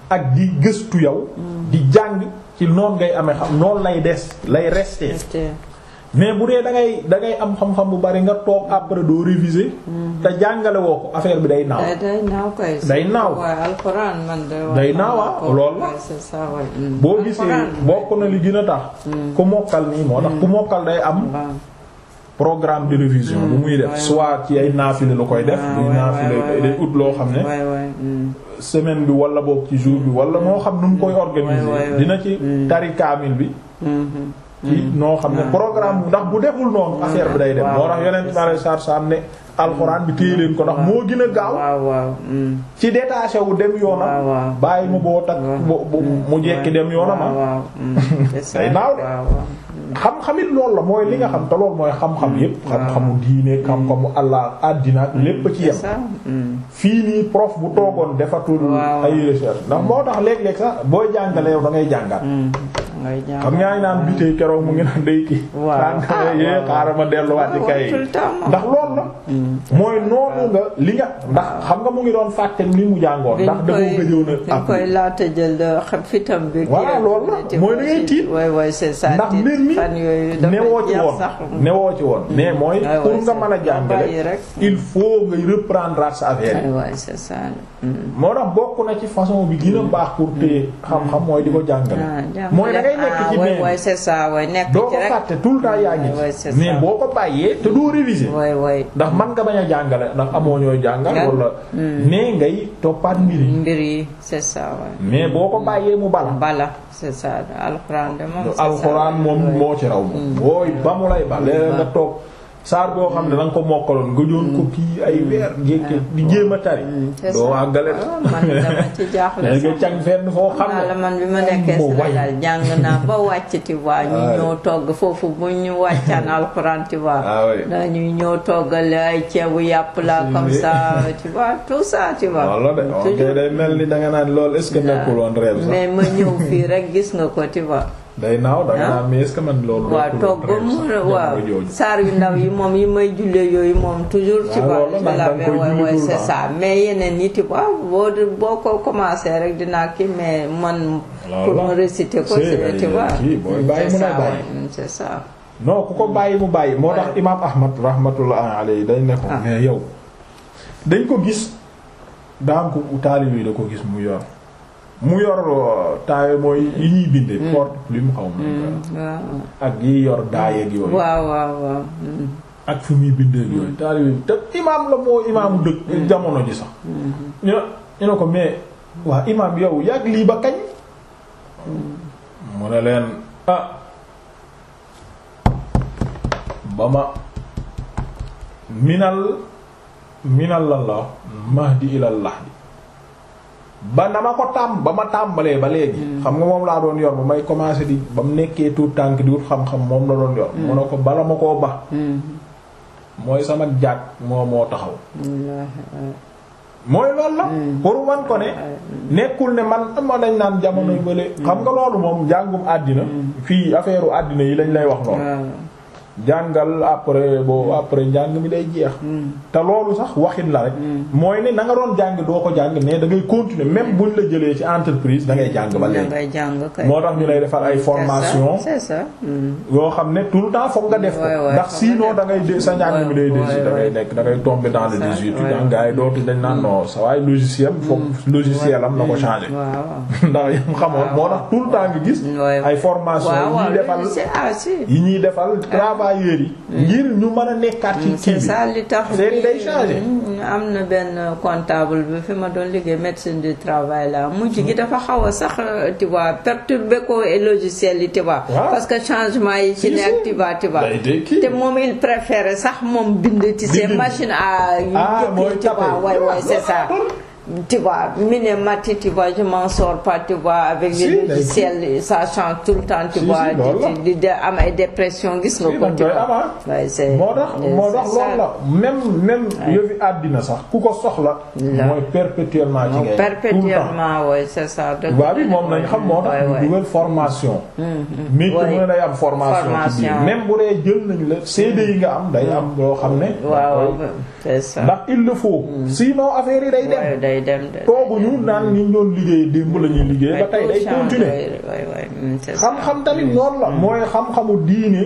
ak di gëstu yow di jàng ci noon ngay amee xam lool lay des lay rester mais bu dee da ngay am xam-xam bu bari nga toog après doo réviser. Mhm. te jàngalewoo ko affaire bi day naaw. day naaw kay. Ah, lool la mm. boo gisee bokk na li gën a tax. Mm. ku mokkal nii moo tax ku mm. mokkal day am. programme de révision. bu muy def soit ci ay naafile lu koy def. waaw naafile day ut loo xam ne. semaine bi wala boog ci jour bi wala moo xam nu mu koy organiser. dina ci tari kaamil bi. Mm-hmm. ci noo xam ne hmm. programme ndax bu deful noonu affaire bi day dem hmm. moo tax yonent ma lay sar sam ne alxuraan bi téye leen ko ndax hmm. moo gën a gaaw ci détaché wu dem yoonam bàyyi mu boo takk mu jekki dem yoonam ah day naaw de xam-xamit loolu la mooy li nga xam te mooy xam-xam yépp xam-xamu diine xam-xamu allah àddina lépp ci yem fii nii prof bu toogoon defatul ay recherche ndax moo tax léeg-léeg sax booy jàngale yow da ngay jàngal xam ngay naan bitee keroog mu ngi naan day kii. waaw xaaral ma delluwaat ci kay ndax noonu la. mooy noonu nga li nga ndax xam nga mu ngi doon fàtte ni mu jàngoon. ndax da koo gëjoon a. am koy laata jël euh, xam fitam bi. voilà loolu la mooy da ngay tiit. waay waay c'est ça ndax mbir mi ci woon mais mm. mooy pour nga mën mm. il faut nga reprendre sa affaire yi. Mm. moo tax bokk na ci façon bi gën baax pour téye xam-xam mooy di ko jàngale. Ah, mooy da nekk ah, ci benn doo ko fàtte tout le temps yaa ngi ci mais boo ko bàyyee te doo réviser. oui. ndax man nga bañ a jàngale ndax amoo ñooy jàngal wala mais hmm. ngay toppaat mbir yi mbir yi c'est mais boo ko bàyyee mu bala bala c'est ça alxuraan de moom alxuraan moom moo ci raw moom hmm. booy ba mu lay ba hmm. nga toog saar boo xam ne da nga ko mokkaloon gëjoon ko kii ay hmm. weer. Ah. di jéem a tari. Hmm. doo àggale. Ah, man dama ci jaaxle sax nga càng fenn man bi ma nekkee Sénégal jàng naa ba wàcc tu ñu ah, ñëw togg foofu bu ñu wàccaan alxuraan tu vois. waaw ñu ñëw toggal ay ceebu yàpp laa comme ça tu vois tout ça tu vois. wala de mel ni danga naan lool est-ce que sax mais ma ñëw fii rek gis nga ko tu day naaw da nga mais man loolu. waaw toog ba mu waaw saar yu ndaw yi moom yi may jullee yooyu moom toujours. ci wàllu ah, ci c'est yeneen yi tu vois boo boo ko commencé rek dinaa kii mais man. pour mu réciter ko c'est tu mm, ku ko bàyyi mu bàyyi moo tax imaam Ahmad rahmatullah alayhi dañ ne ko. Ah. mais yow dañ ko gis daan ko taalibe yi da ko gis mu yor. mu yor uh, taayo mooy yi ñuy bindee. Mm. porte plume xaw ma. Mm. ak yi yor daay yooyu. waaw waaw mm. ak fu muy bindee yooyu. taalibe bi te imaam la moo imaamu dëkk. jamono ji sax. Mm-hmm. ñu ne ko mais waa imaam yow yàgg lii ba kañ. mu ne leen ah ba ma minal minal la la mahdi ilal lahdi ba na ma ko tàmm ba ma tàmbalee ba léegi. Hmm. xam nga moom laa doon yor ba may commencé di ba mu nekkee tuut tànk di wut xam-xam moom la doon yor. Hmm. mu ne ko bala ma koo ba. Hmm. mooy sama jàkk moo moo taxaw. mooy loolu la. pour wan ko ne. nekkul ne man ma dañ naan jamono yu bële. xam nga loolu moom njàngum àddina. fii affaire àddina yi lañ lay wax noonu. Ah. jàngal après bo hmm. après njàng mi day jeex. Hmm. te loolu sax waxin la rek. Hmm. mooy ne na nga doon jàng doo ko jàng mais da ngay continuer même buñ la jëlee ci entreprise da ngay jàng ba léegi. da ngay jàng kay moo tax ñu lay defal ay formation c'est yoo xam ne tout le temps foog nga def ko. ndax sinon da ngay dé sa njàng mi day dé da ngay nekk da ngay tomber dans le désuétude. waay waay gars yi dootu dañ naan non sa waay logiciel. foog logiciel am na ko changer. ndax yam xamoon moo tax tout le temps nga gis. ay formation ah, yi ñuy defal yi ah. travailleurs yi. ñu mën a nekkaat ci kii li tax seen am na benn comptable bi fi ma doon liggéey médecine du travail la mujj gi hmm. dafa xaw a sax tu vois perturbé ko logiciel yi tu ah. parce que changement yi ci nekk tu vois te moom il préfère sax moom bind ci seen machine ah mooy tabax waay waay c'est ça. Ah, tu vois, Minimati, tu vois, je m'en sors pas, tu vois, avec si, les logiciels, ça change tout temps, tu di di am ay dépression gis nga ko. tu vois la même même yëfi àddina moom nañ xam moo tax ñu formation. mais mm, mm. ci nañu la CD yi nga am day am mm. loo xam ne. waaw ndax il le faut. Mm. sinon affaire yi day dem. day dem mm. naan ni ñu liggéey démb lañuy ñuy liggéey. ba tey day continuer xam-xam tamit mm. noonu la. mooy xam-xamu diine.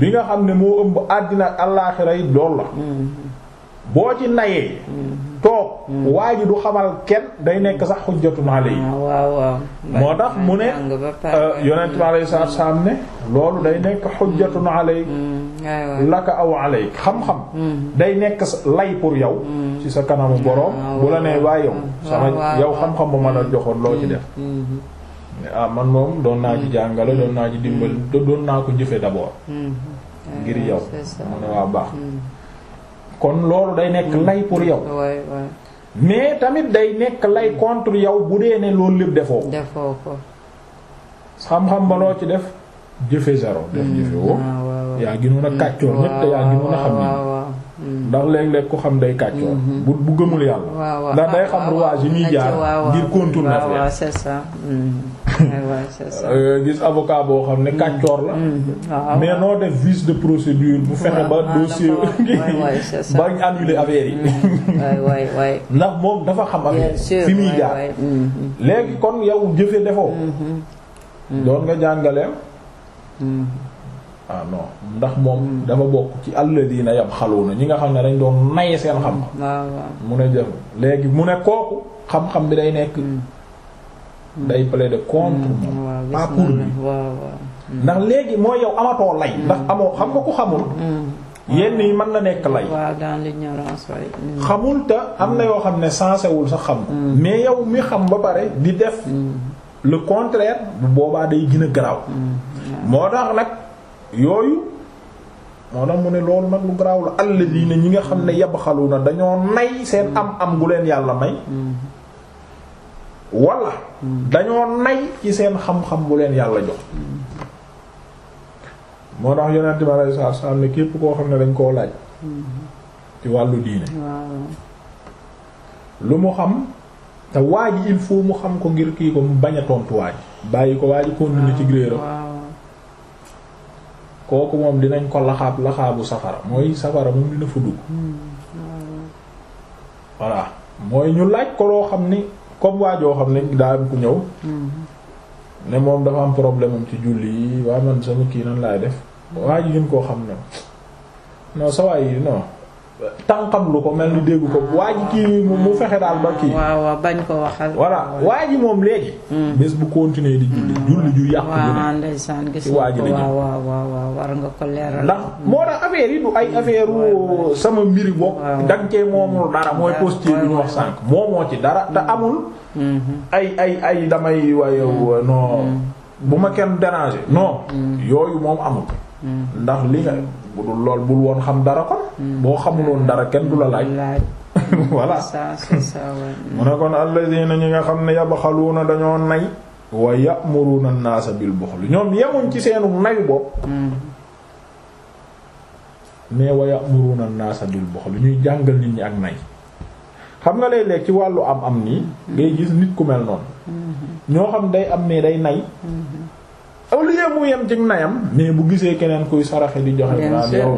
bi nga xam ne moo ëmb àddina ak àllaaxira yi lool la. boo ci nayee. toog waa du xamal kenn day nekk sax xujjatun alay ah, moo tax mu ne. Euh, yonent bi alayhi ne. loolu day nekk xujjatun alay laka aw alayk xam-xam mm. day nekk lay pour yow mm. ci sa kanamu boroom ah, bu la nee waaye yow ah, sama yow xam-xam bu mën a joxoon loo ci mm, def mm-hmm. ah man moom doon naa ci jàngale doon naa ci dimbali doon naa ko jëfe d'abord mm-hmm. ngir ah, yow mu waa baax kon loolu day nekk lay pour yow mais tamit day nekk lay contre yow bu dee ne loolu lépp defoo ko xam-xam ba loo ci def jëfe zéro def hmm. jëfe woo ah, yaa ginoon a kàccoor ñépp te yaa ginoon a xam ne hmm. ndax léeg-léeg ko xam day kàccoor hmm, bu bu gëmul yàlla ndax day xam ah, rouage yi muy euh, la ah, de procédure bu fexe ba dossier ndax moom dafa xam affaire fi muy jaar kon yow jëfe defoo doon nga jàngaleem ah non ndax moom dafa bokk ci alladina yabxaluuna ñi nga xam ne dañ doon naye seen xam mm. mu ne jëf léegi mu ne kooku xam-xam bi day nekk mm. Mm. day plaider de moom pas pour ndax léegi moo yow amatoo lay ndax amoo xam nga ku xamul yenn yi mën na nekk lay xamul te am na yoo xam ne sensewul sax xam mais yow mi xam ba pare di def le contraire bu boobaa day gën a garaaw mm, moo tax nag yooyu moo tax mu ne loolu nag lu garaaw la alladina ñi nga xam ne mm. yabxalu na dañoo nay seen am mm. am gu leen yàlla may wala dañoo nay ci seen xam-xam bu leen yàlla jox moo tax yonente bi alayhi salaatu salaam ne képp koo xam ne dañ koo laaj ci wàllu diine lu mu xam te waa ji il mu xam ko ngir kii ko mu bañ a tontu waaj bàyyi ko waa ji continuer ci gréeram kooku moom dinañ ko laxaab laxaabu safara mooy safara moom dina fa dugg hmm, voilà mooy ñu laaj ko loo xam ni comme waajoo xam ne daa ku ñëw hmm. ne moom dafa am problème am ci julli yi waa man sama kii nan laay def hmm. waa ji koo xam ne non sa waay non tànqam lu ko mel ni dégg ko waa ji kii mu fexe daal ba kii. waaw waaw bañ ko waxal. voilà waa ji moom léegi. Hmm. bis bu continuer di julli julli ju yàq. waaw ndeysaan gis waaw waaw waaw war nga ko leeral. ndax hmm. moo tax affaire yi du ay affaire sama mbiri bopp. waaw danga cee moomul dara mooy posture bi ñu wax sànq. moomoo ci dara te hmm. amul. ay ay ay damay waaye non bu ma kenn déranger no yooyu moom amul. ndax li nga. bu dul lool bul woon xam dara kon hmm. boo xamuloon dara kenn du la laaj hmm. voilà hmm. mu ne kon alladina ñi nga xam ne yabxaluuna dañoo nay wa ya'muruna naa sa bil buxli ñoom yemuñ ci seenu nayu bopp mais wa ya'muruna an-naasa bil buxli ñuy jàngal nit ñi ak nay xam nga léeg-léeg ci wàllu am am nii ngay gis nit ku mel noonu ñoo xam day am mais day nay au lieu mu yem ci nayam mais bu gisee keneen kuy saraxe di joxe. bien sûr yow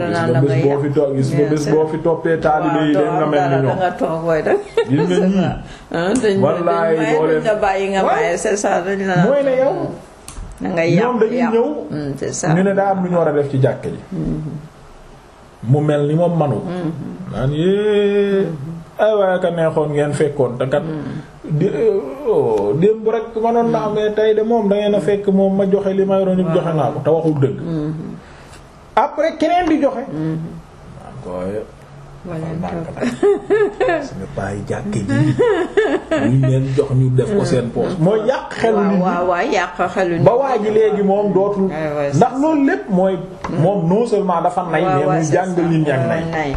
bés boo fi toog gis nga bés boo fi toppee taalibe yi dem nga mel ni ñoom. gis nga ah, mooy ne yow. ñoom dañuy ñëw. Mm, ñu ne daa am lu ñu war a def ci jàkk ji. Mm-hmm. mu mel ni ma manu. Mm-hmm. naan yee. ay waaye ka neexoon ngeen fekkoon te kat hmm. oh, démb rek manoon naa hmm. mais tey de moom da ngeen a fekk moom ma joxe li ma yoroon joxe naa ko te waxul dëgg hmm. après keneen di joxe suñu bàyyi jàkk ji ñu leen jox ñu def ko seen poos mooy yàq xelu nit ñi ba waa ji léegi moom dootul ndax loolu lépp mooy moom hmm. non seulement dafa nay mais muy jàngal nit ñi ak nay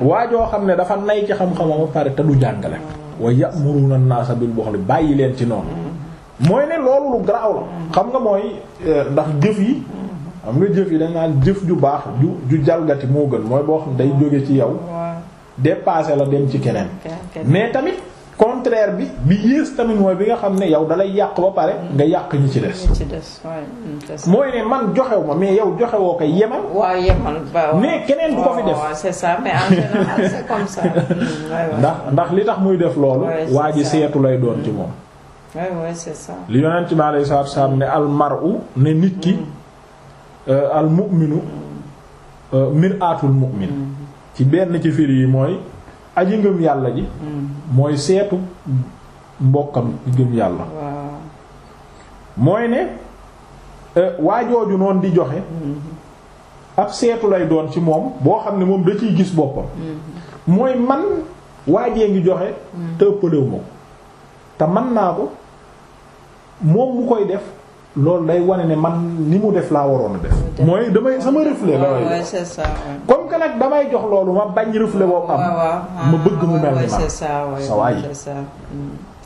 waa joo xam ne dafa nay ci xam-xamam ba pare te du jàngale hmm. wa ya'muruna an-nasa bil bukhli bàyyi leen ci noonu hmm. mooy ne loolu lu garaaw la xam nga mooy eh, ndax jëf yi am nga jëf yi dañ naan jëf ju baax ju ju jalgati moo gën mooy boo xam day jóge ci yow dépassé la dem ci keneen mais tamit contraire bi bi yées tamit mooy bi nga xam ne yow dalay yàq ba pare mm. nga yàq ñi ci des mooy ne man joxew ma mais yow joxewoo ko yemal waaw yemal mais keneen du ko fi def en général c'est ndax ndax li tax muy def loolu waa ji seetu lay doon ci moom li yonent mi alayhi salaatu wa salaam ne al mar'u ne nit ki mm. Euh, al mu'minu euh, mir'atul mu'min mm-hmm. ci benn ci firi yi mooy aji ngëm yàlla ji mm-hmm. mooy seetu mbokkam ngëm yàlla mooy ne euh, waa jooju di joxe mm-hmm. ab seetu lay doon ci moom boo xam ne moom da ciy gis boppam mooy man waajee ngi joxe te ko te man naa ko moom mu koy def loolu day wane ne man ni mu def laa waroon a def. mooy damay sama reflet. damay waaw c'est ça nag damay jox loolu ma bañ reflet boobu am. ma bëgg mu mel ni ma sa waay. Mm.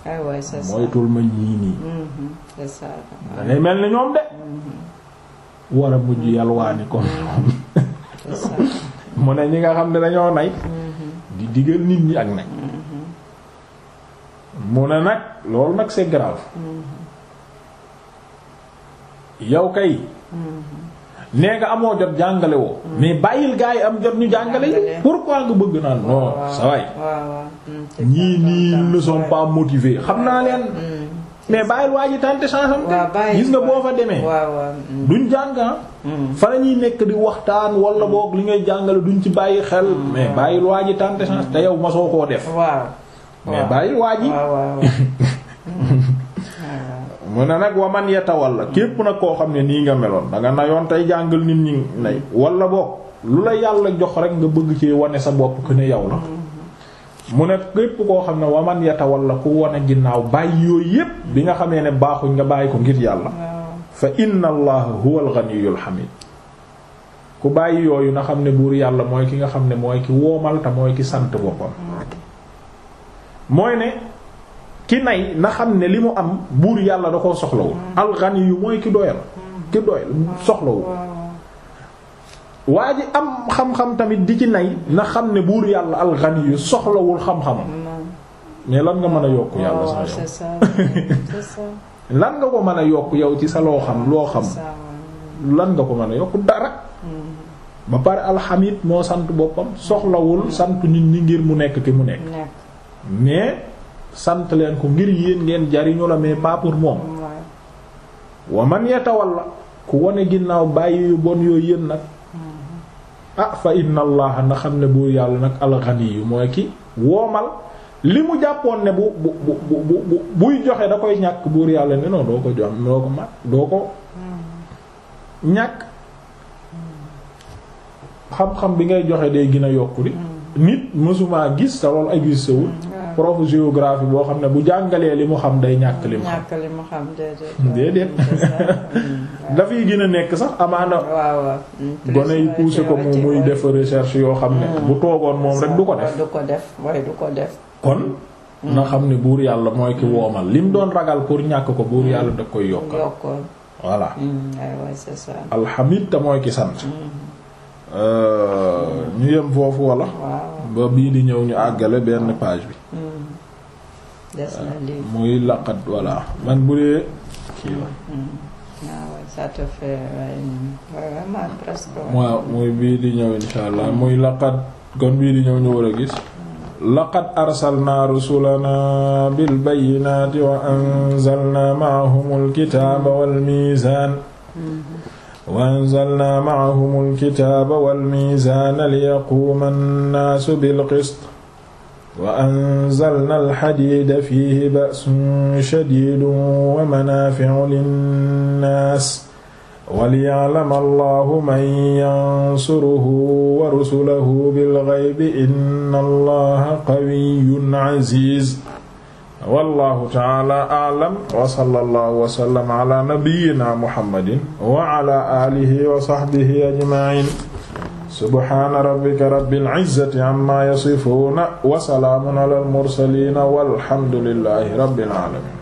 ma mm-hmm, mel ni ñoom de. Mm-hmm. war mm-hmm. ñi nga xam ne dañoo nay. di digal nag loolu nag c'est yow kay mm-hmm. nee nga amoo jot jàngale woo mm-hmm. mais bàyyil gars yi am jot ñu jàngale yi pourquoi nga bëgg naan non ça va mm, ñii nii ils ne pas motivés xam naa leen mm. mais bàyyil waa ji tante changam te gis nga boo fa demee mm. duñ jànga ah. fa la ñuy nekk di waxtaan walla boog li ngay jàngale duñ ci bàyyi xel mais bàyyil waa ji tante change te yow ma soo koo def mais bàyyil waa ji mu ne nag wa man yatawalla képp nag koo xam ne nii nga meloon danga nayoon tey jàngal nit ñi nay wala boog lu la yàlla jox rek nga bëgg ci wane sa bopp ku ne yow la mu ne képp koo xam ne wa man la ku wane ginnaaw bàyyi yooyu yépp bi nga xamee ne baaxuñ nga bàyyi ko ngir yàlla fa inna allaha huwal ghaniyyul hamid ku bàyyi yooyu na xam ne buur yàlla mooy ki nga xam ne mooy ki woomal te mooy ki sant boppam mm. mooy ne ki nay na xam ne li mu am buur yàlla da koo soxlawul alxani yu mooy ki doyal ki doyal soxlawul waa ji am xam-xam tamit di ci nay na xam ne buur yàlla alxani yu soxlawul xam-xamam mais lan nga mën a yokk yàlla sax nga ko mën a yokk yow ci sa loo loo xam lan nga ko mën a yokk dara mm. ba pare alxamid moo sant boppam soxlawul sant nit ñi ngir mu nekk ki mu nekk mais sant leen ko ngir yéen ngeen jariñoo la mais pas pour moom wa man yatawalla ku wone ginnaaw bàyyi yu bon yooyu yéen nag mm-hmm. ah fa inna allaha na xam ne buur yàlla nag alxani yu mooy ki woomal li mu jàppoon ne bu bu bu bu buy joxe da koy ñàkk buur yàlla ne non doo ko jox doo ko mag doo ko mm-hmm. ñàkk xam-xam bi ngay joxe day gën a yokku di mm-hmm. nit mësuma gis te loolu existewul prof géographie boo xam ne bu jàngalee li mu xam day ñàkk li mu xam déedéet dafay gën a nekk sax amaana hmm, gone yi poussé ko mu muy def recherche yoo xam ne hmm. bu toogoon moom rek du ko def du ko def waaye du ko def kon hmm. na xam ne buur yàlla mooy ki woomal lim doon ragal pour ñàkk ko buur yàlla da koy yokkal voilà alhamid te mooy ki sant euh, ñu yem foofu wala ba bii di ñëw ñu àggale benn page bi des muy laqat voilà man bu dee mm-hmm. ah muy di ñëw insha muy laqat kon bii di ñu war gis. Mm-hmm. laqad arsalnaa rusulanaa bil bayyinaati wa anzalnaa ma'ahumul kitaaba wal miizaan. Mm-hmm. wa bil qist. wa anzalna alxadida fihi ba'sun shadiidun wa manaafi'u linnaas wa liya'lama allahu man yansuruhu wa rusuluhu bilghaybi inna allaha qawiyyun aziz wallahu ta'ala a'lam wa sallallahu wa sallam ala nabiyyina muhammadin wa ala alihi wa sahbihi ajma'in subhaana rabbika rabbil izzati amma yasifuuna wa salaamun alal mursaliina walhamdulillahi rabbil aalamiin